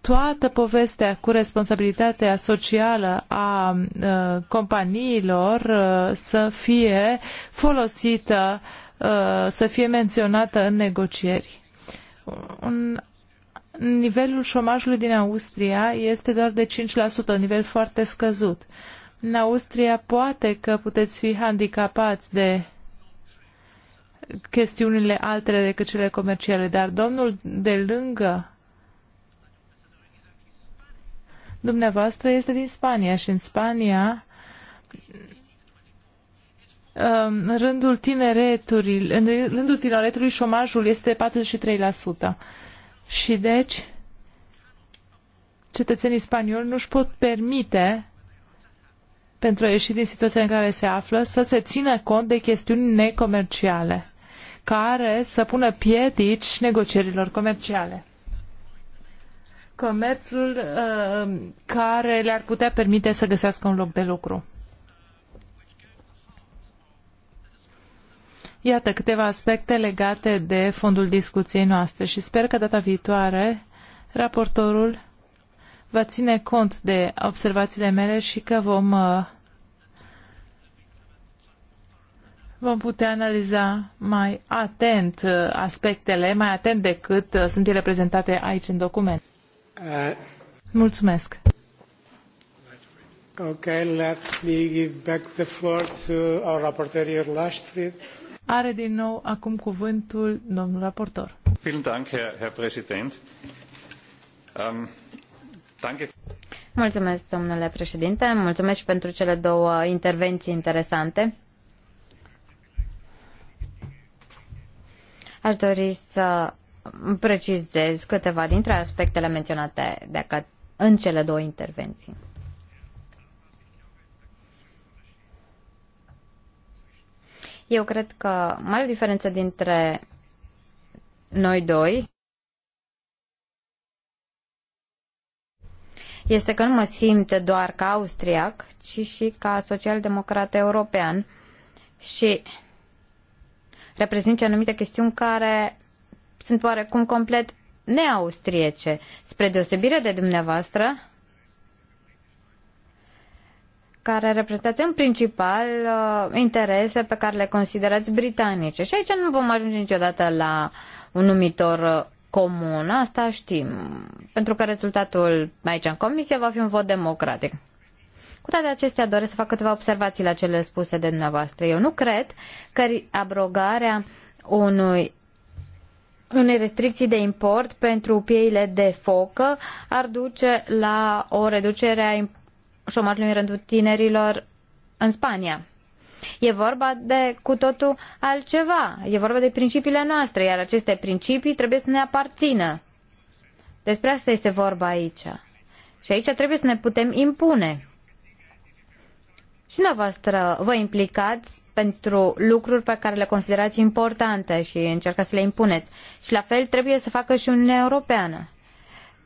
toată povestea cu responsabilitatea socială a uh, companiilor uh, să fie folosită uh, Uh, să fie menționată în negocieri. Un nivelul șomajului din Austria este doar de 5%, un nivel foarte scăzut. În Austria poate că puteți fi handicapați de chestiunile altele decât cele comerciale, dar domnul de lângă dumneavoastră este din Spania și în Spania în rândul, tineretului, în rândul tineretului șomajul este 43%. Și deci cetățenii spanioli nu își pot permite pentru a ieși din situația în care se află, să se țină cont de chestiuni necomerciale, care să pună piedici negocierilor comerciale. Comerțul uh, care le-ar putea permite să găsească un loc de lucru. Iată câteva aspecte legate de fondul discuției noastre și sper că data viitoare raportorul va ține cont de observațiile mele și că vom, uh, vom putea analiza mai atent uh, aspectele, mai atent decât uh, sunt ele prezentate aici în document. Mulțumesc! Okay, let me give back the floor to our rapporteur, Lashfried. Are din nou acum cuvântul domnul raportor. Ähm, Mulțumesc, domnule președinte. Mulțumesc și pentru cele două intervenții interesante. Aș dori să precizez câteva dintre aspectele menționate de în cele două intervenții. Eu cred că mare diferență dintre noi doi este că nu mă simt doar ca austriac, ci și ca social-democrat european și reprezint anumite chestiuni care sunt oarecum complet neaustriece, spre deosebire de dumneavoastră, care reprezentați în principal uh, interese pe care le considerați britanice. Și aici nu vom ajunge niciodată la un numitor uh, comun, asta știm, pentru că rezultatul aici în comisie va fi un vot democratic. Cu toate acestea, doresc să fac câteva observații la cele spuse de dumneavoastră. Eu nu cred că abrogarea unui unei restricții de import pentru pieile de focă ar duce la o reducere a șomajului în rândul tinerilor în Spania. E vorba de cu totul altceva. E vorba de principiile noastre, iar aceste principii trebuie să ne aparțină. Despre asta este vorba aici. Și aici trebuie să ne putem impune. Și dumneavoastră vă implicați pentru lucruri pe care le considerați importante și încercați să le impuneți. Și la fel trebuie să facă și Uniunea Europeană.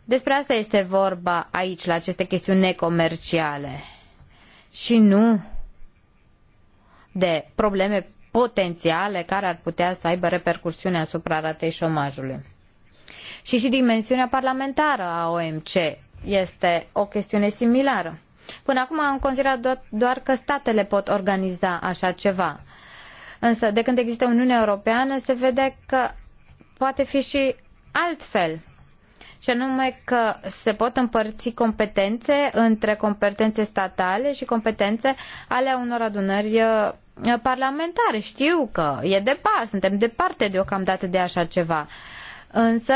Despre asta este vorba aici, la aceste chestiuni necomerciale și nu de probleme potențiale care ar putea să aibă repercursiune asupra ratei șomajului. Și și dimensiunea parlamentară a OMC este o chestiune similară. Până acum am considerat do doar că statele pot organiza așa ceva. Însă, de când există Uniunea Europeană, se vede că poate fi și altfel și anume că se pot împărți competențe între competențe statale și competențe ale unor adunări uh, parlamentare. Știu că e departe, suntem departe deocamdată de așa ceva. Însă,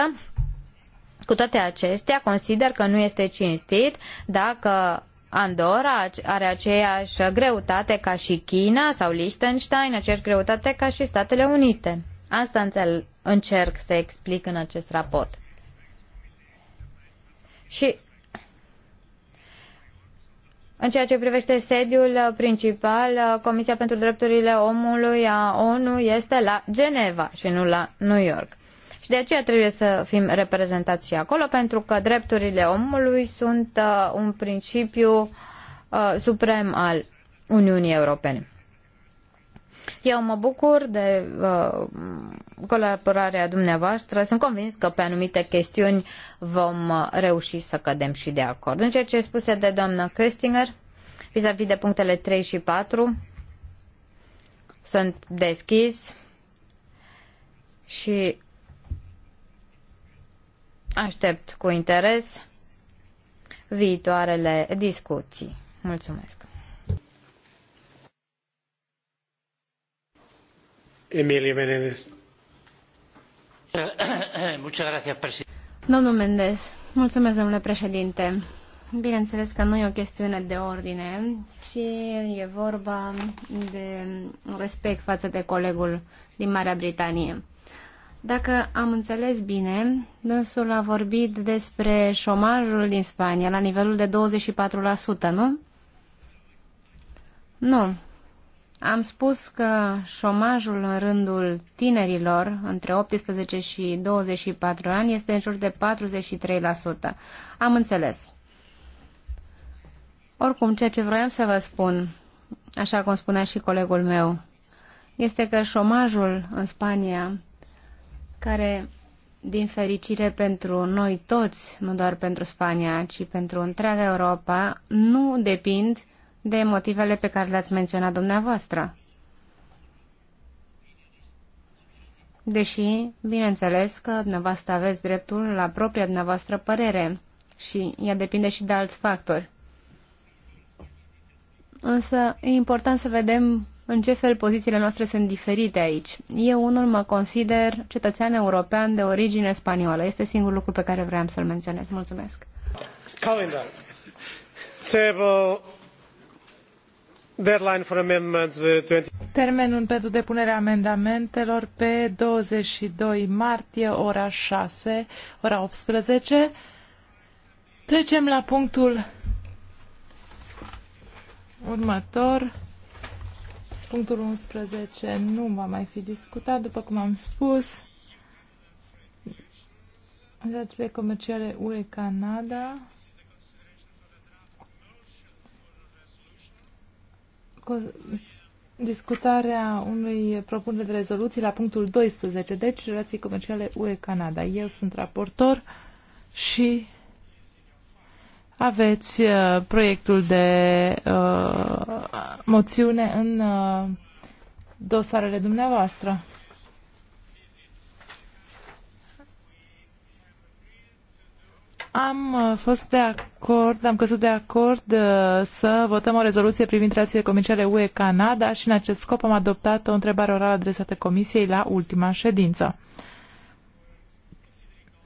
cu toate acestea, consider că nu este cinstit dacă Andorra are aceeași greutate ca și China sau Liechtenstein, aceeași greutate ca și Statele Unite. Asta înțel- încerc să explic în acest raport. Și în ceea ce privește sediul principal, Comisia pentru Drepturile Omului a ONU este la Geneva și nu la New York. Și de aceea trebuie să fim reprezentați și acolo, pentru că drepturile omului sunt uh, un principiu uh, suprem al Uniunii Europene. Eu mă bucur de uh, colaborarea dumneavoastră. Sunt convins că pe anumite chestiuni vom uh, reuși să cădem și de acord. În ceea ce spuse de doamna Köstinger, vis-a-vis -vis de punctele 3 și 4, sunt deschis și aștept cu interes viitoarele discuții. Mulțumesc! Emilie domnule președinte. Bineînțeles că nu e o chestiune de ordine, ci e vorba de respect față de colegul din Marea Britanie. Dacă am înțeles bine, dânsul a vorbit despre șomajul din Spania la nivelul de 24%, nu? Nu, am spus că șomajul în rândul tinerilor între 18 și 24 ani este în jur de 43%. Am înțeles. Oricum, ceea ce vroiam să vă spun, așa cum spunea și colegul meu, este că șomajul în Spania, care, din fericire pentru noi toți, nu doar pentru Spania, ci pentru întreaga Europa, nu depind de motivele pe care le-ați menționat dumneavoastră. Deși, bineînțeles că dumneavoastră aveți dreptul la propria dumneavoastră părere și ea depinde și de alți factori. Însă e important să vedem în ce fel pozițiile noastre sunt diferite aici. Eu unul mă consider cetățean european de origine spaniolă. Este singurul lucru pe care vreau să-l menționez. Mulțumesc. Calendar. Sebo Termenul pentru depunerea amendamentelor pe 22 martie, ora 6, ora 18. Trecem la punctul următor. Punctul 11 nu va mai fi discutat, după cum am spus. Relațiile comerciale UE-Canada. discutarea unui propunere de rezoluție la punctul 12, deci relații comerciale UE-Canada. Eu sunt raportor și aveți uh, proiectul de uh, moțiune în uh, dosarele dumneavoastră. Am uh, fost de acord acord, am căzut de acord uh, să votăm o rezoluție privind relațiile comerciale UE-Canada și în acest scop am adoptat o întrebare orală adresată Comisiei la ultima ședință.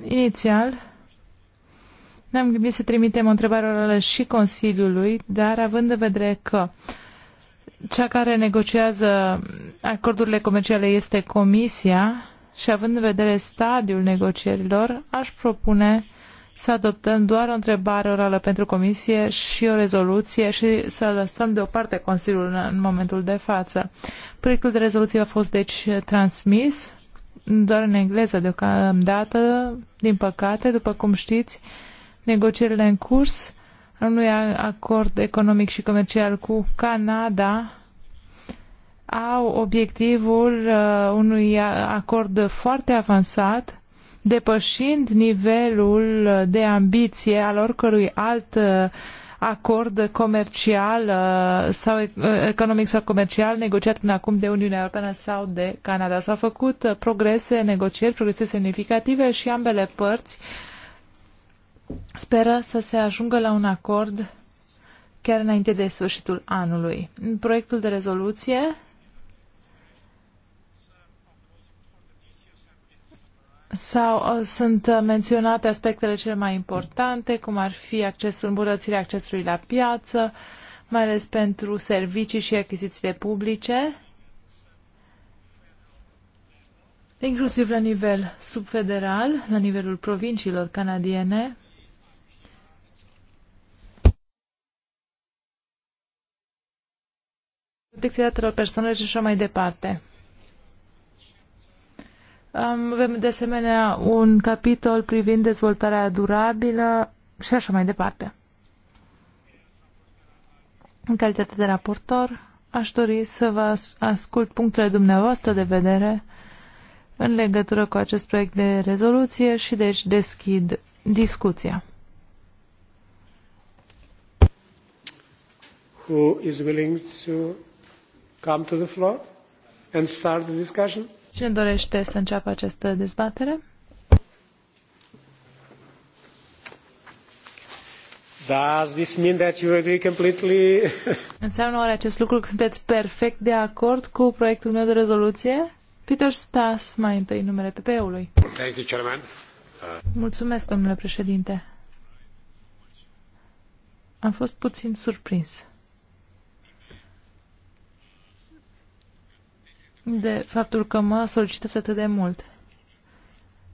Inițial, ne-am gândit să trimitem o întrebare orală și Consiliului, dar având în vedere că cea care negociază acordurile comerciale este Comisia și având în vedere stadiul negocierilor, aș propune să adoptăm doar o întrebare orală pentru comisie și o rezoluție și să lăsăm deoparte Consiliul în, în momentul de față. Proiectul de rezoluție a fost deci transmis doar în engleză deocamdată, din păcate, după cum știți, negocierile în curs al unui acord economic și comercial cu Canada au obiectivul uh, unui acord foarte avansat depășind nivelul de ambiție al oricărui alt uh, acord comercial uh, sau uh, economic sau comercial negociat până acum de Uniunea Europeană sau de Canada. S-au făcut progrese, negocieri, progrese semnificative și ambele părți speră să se ajungă la un acord chiar înainte de sfârșitul anului. În proiectul de rezoluție sau uh, sunt uh, menționate aspectele cele mai importante, cum ar fi accesul, îmbunătățirea accesului la piață, mai ales pentru servicii și achizițiile publice, inclusiv la nivel subfederal, la nivelul provinciilor canadiene, protecția datelor personale și așa mai departe. Avem de asemenea un capitol privind dezvoltarea durabilă și așa mai departe. În calitate de raportor, aș dori să vă ascult punctele dumneavoastră de vedere în legătură cu acest proiect de rezoluție și deci deschid discuția. Who is willing to come to the floor and start the discussion? Cine dorește să înceapă această dezbatere? Does this mean that you agree completely? Înseamnă oare acest lucru că sunteți perfect de acord cu proiectul meu de rezoluție? Peter Stas, mai întâi numele PP-ului. Thank you, Chairman. Uh, Mulțumesc, domnule președinte. Am fost puțin surprins. de faptul că mă solicitați atât de mult.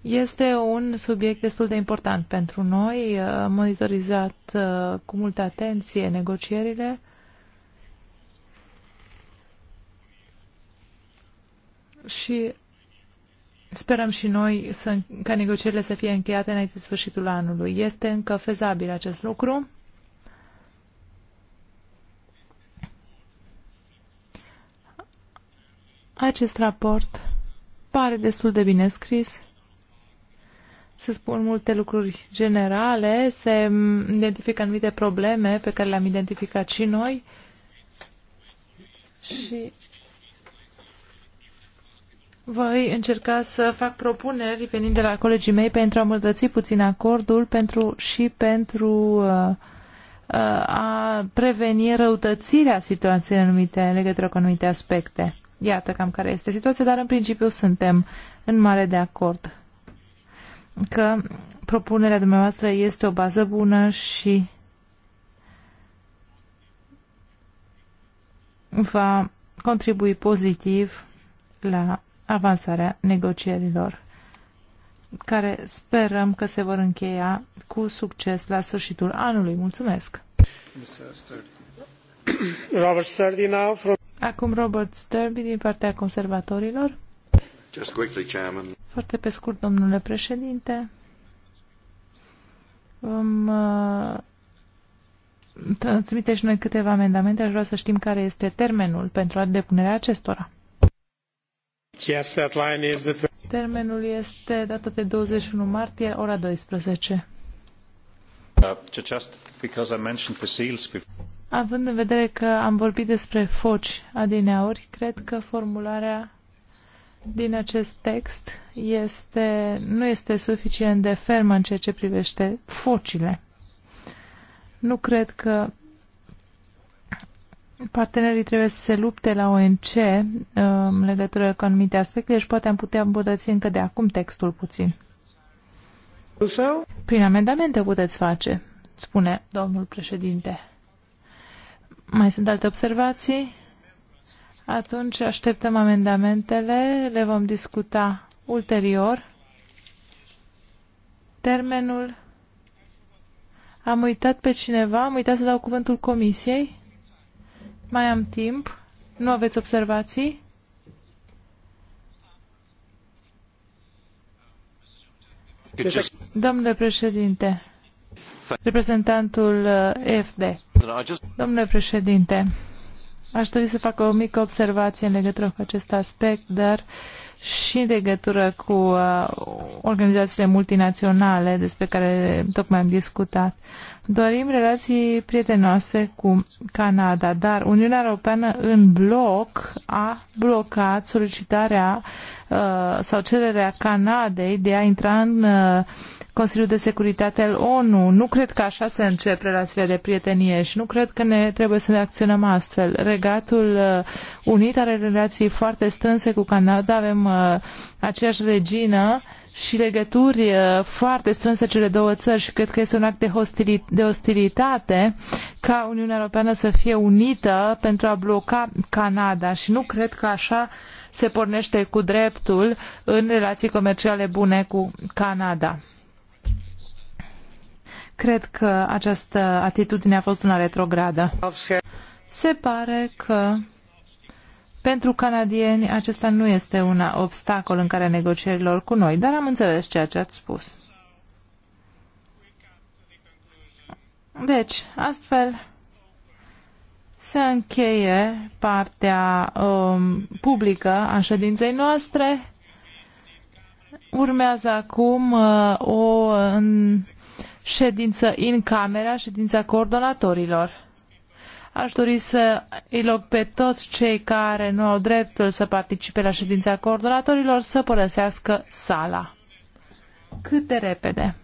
Este un subiect destul de important pentru noi. Uh, monitorizat uh, cu multă atenție negocierile. Și sperăm și noi să, ca negocierile să fie încheiate înainte de sfârșitul anului. Este încă fezabil acest lucru. Acest raport pare destul de bine scris. Se spun multe lucruri generale, se identifică anumite probleme pe care le-am identificat și noi și voi încerca să fac propuneri venind de la colegii mei pentru a îmbunătăți puțin acordul pentru, și pentru uh, uh a preveni răutățirea situației anumite, în legătură cu anumite aspecte. Iată cam care este situația, dar în principiu suntem în mare de acord că propunerea dumneavoastră este o bază bună și va contribui pozitiv la avansarea negocierilor, care sperăm că se vor încheia cu succes la sfârșitul anului. Mulțumesc! Robert Sturdy from Acum Robert Sturby din partea conservatorilor. Just quickly, Chairman. Foarte pe scurt, domnule președinte. Vom uh, transmite și noi câteva amendamente. Aș vrea să știm care este termenul pentru depunerea acestora. Yes, that line is the... Termenul este data de 21 martie, ora 12. Uh, just because I mentioned the seals before. Având în vedere că am vorbit despre foci adineauri, cred că formularea din acest text este, nu este suficient de fermă în ceea ce privește focile. Nu cred că partenerii trebuie să se lupte la ONC uh, în legătură cu anumite aspecte, și deci poate am putea îmbunătăți încă de acum textul puțin. Prin amendamente puteți face, spune domnul președinte. Mai sunt alte observații? Atunci așteptăm amendamentele, le vom discuta ulterior. Termenul. Am uitat pe cineva, am uitat să dau cuvântul comisiei. Mai am timp. Nu aveți observații? Deci- Domnule președinte, Reprezentantul EFD. Uh, Domnule președinte, aș dori să fac o mică observație în legătură cu acest aspect, dar și în legătură cu uh, organizațiile multinaționale despre care tocmai am discutat. Dorim relații prietenoase cu Canada, dar Uniunea Europeană în bloc a blocat solicitarea uh, sau cererea Canadei de a intra în uh, Consiliul de Securitate al ONU. Nu cred că așa se încep relațiile de prietenie și nu cred că ne trebuie să ne acționăm astfel. Regatul uh, Unit are relații foarte strânse cu Canada, avem uh, aceeași regină și legături uh, foarte strânse cele două țări și cred că este un act de, hostili- de ostilitate ca Uniunea Europeană să fie unită pentru a bloca Canada și nu cred că așa se pornește cu dreptul în relații comerciale bune cu Canada. Cred că această atitudine a fost una retrogradă. Se pare că pentru canadieni, acesta nu este un obstacol în care negocierilor cu noi, dar am înțeles ceea ce ați spus. Deci, astfel se încheie partea um, publică a ședinței noastre. Urmează acum uh, o în ședință în camera, ședința coordonatorilor. Aș dori să îi loc pe toți cei care nu au dreptul să participe la ședința coordonatorilor să părăsească sala. Cât de repede.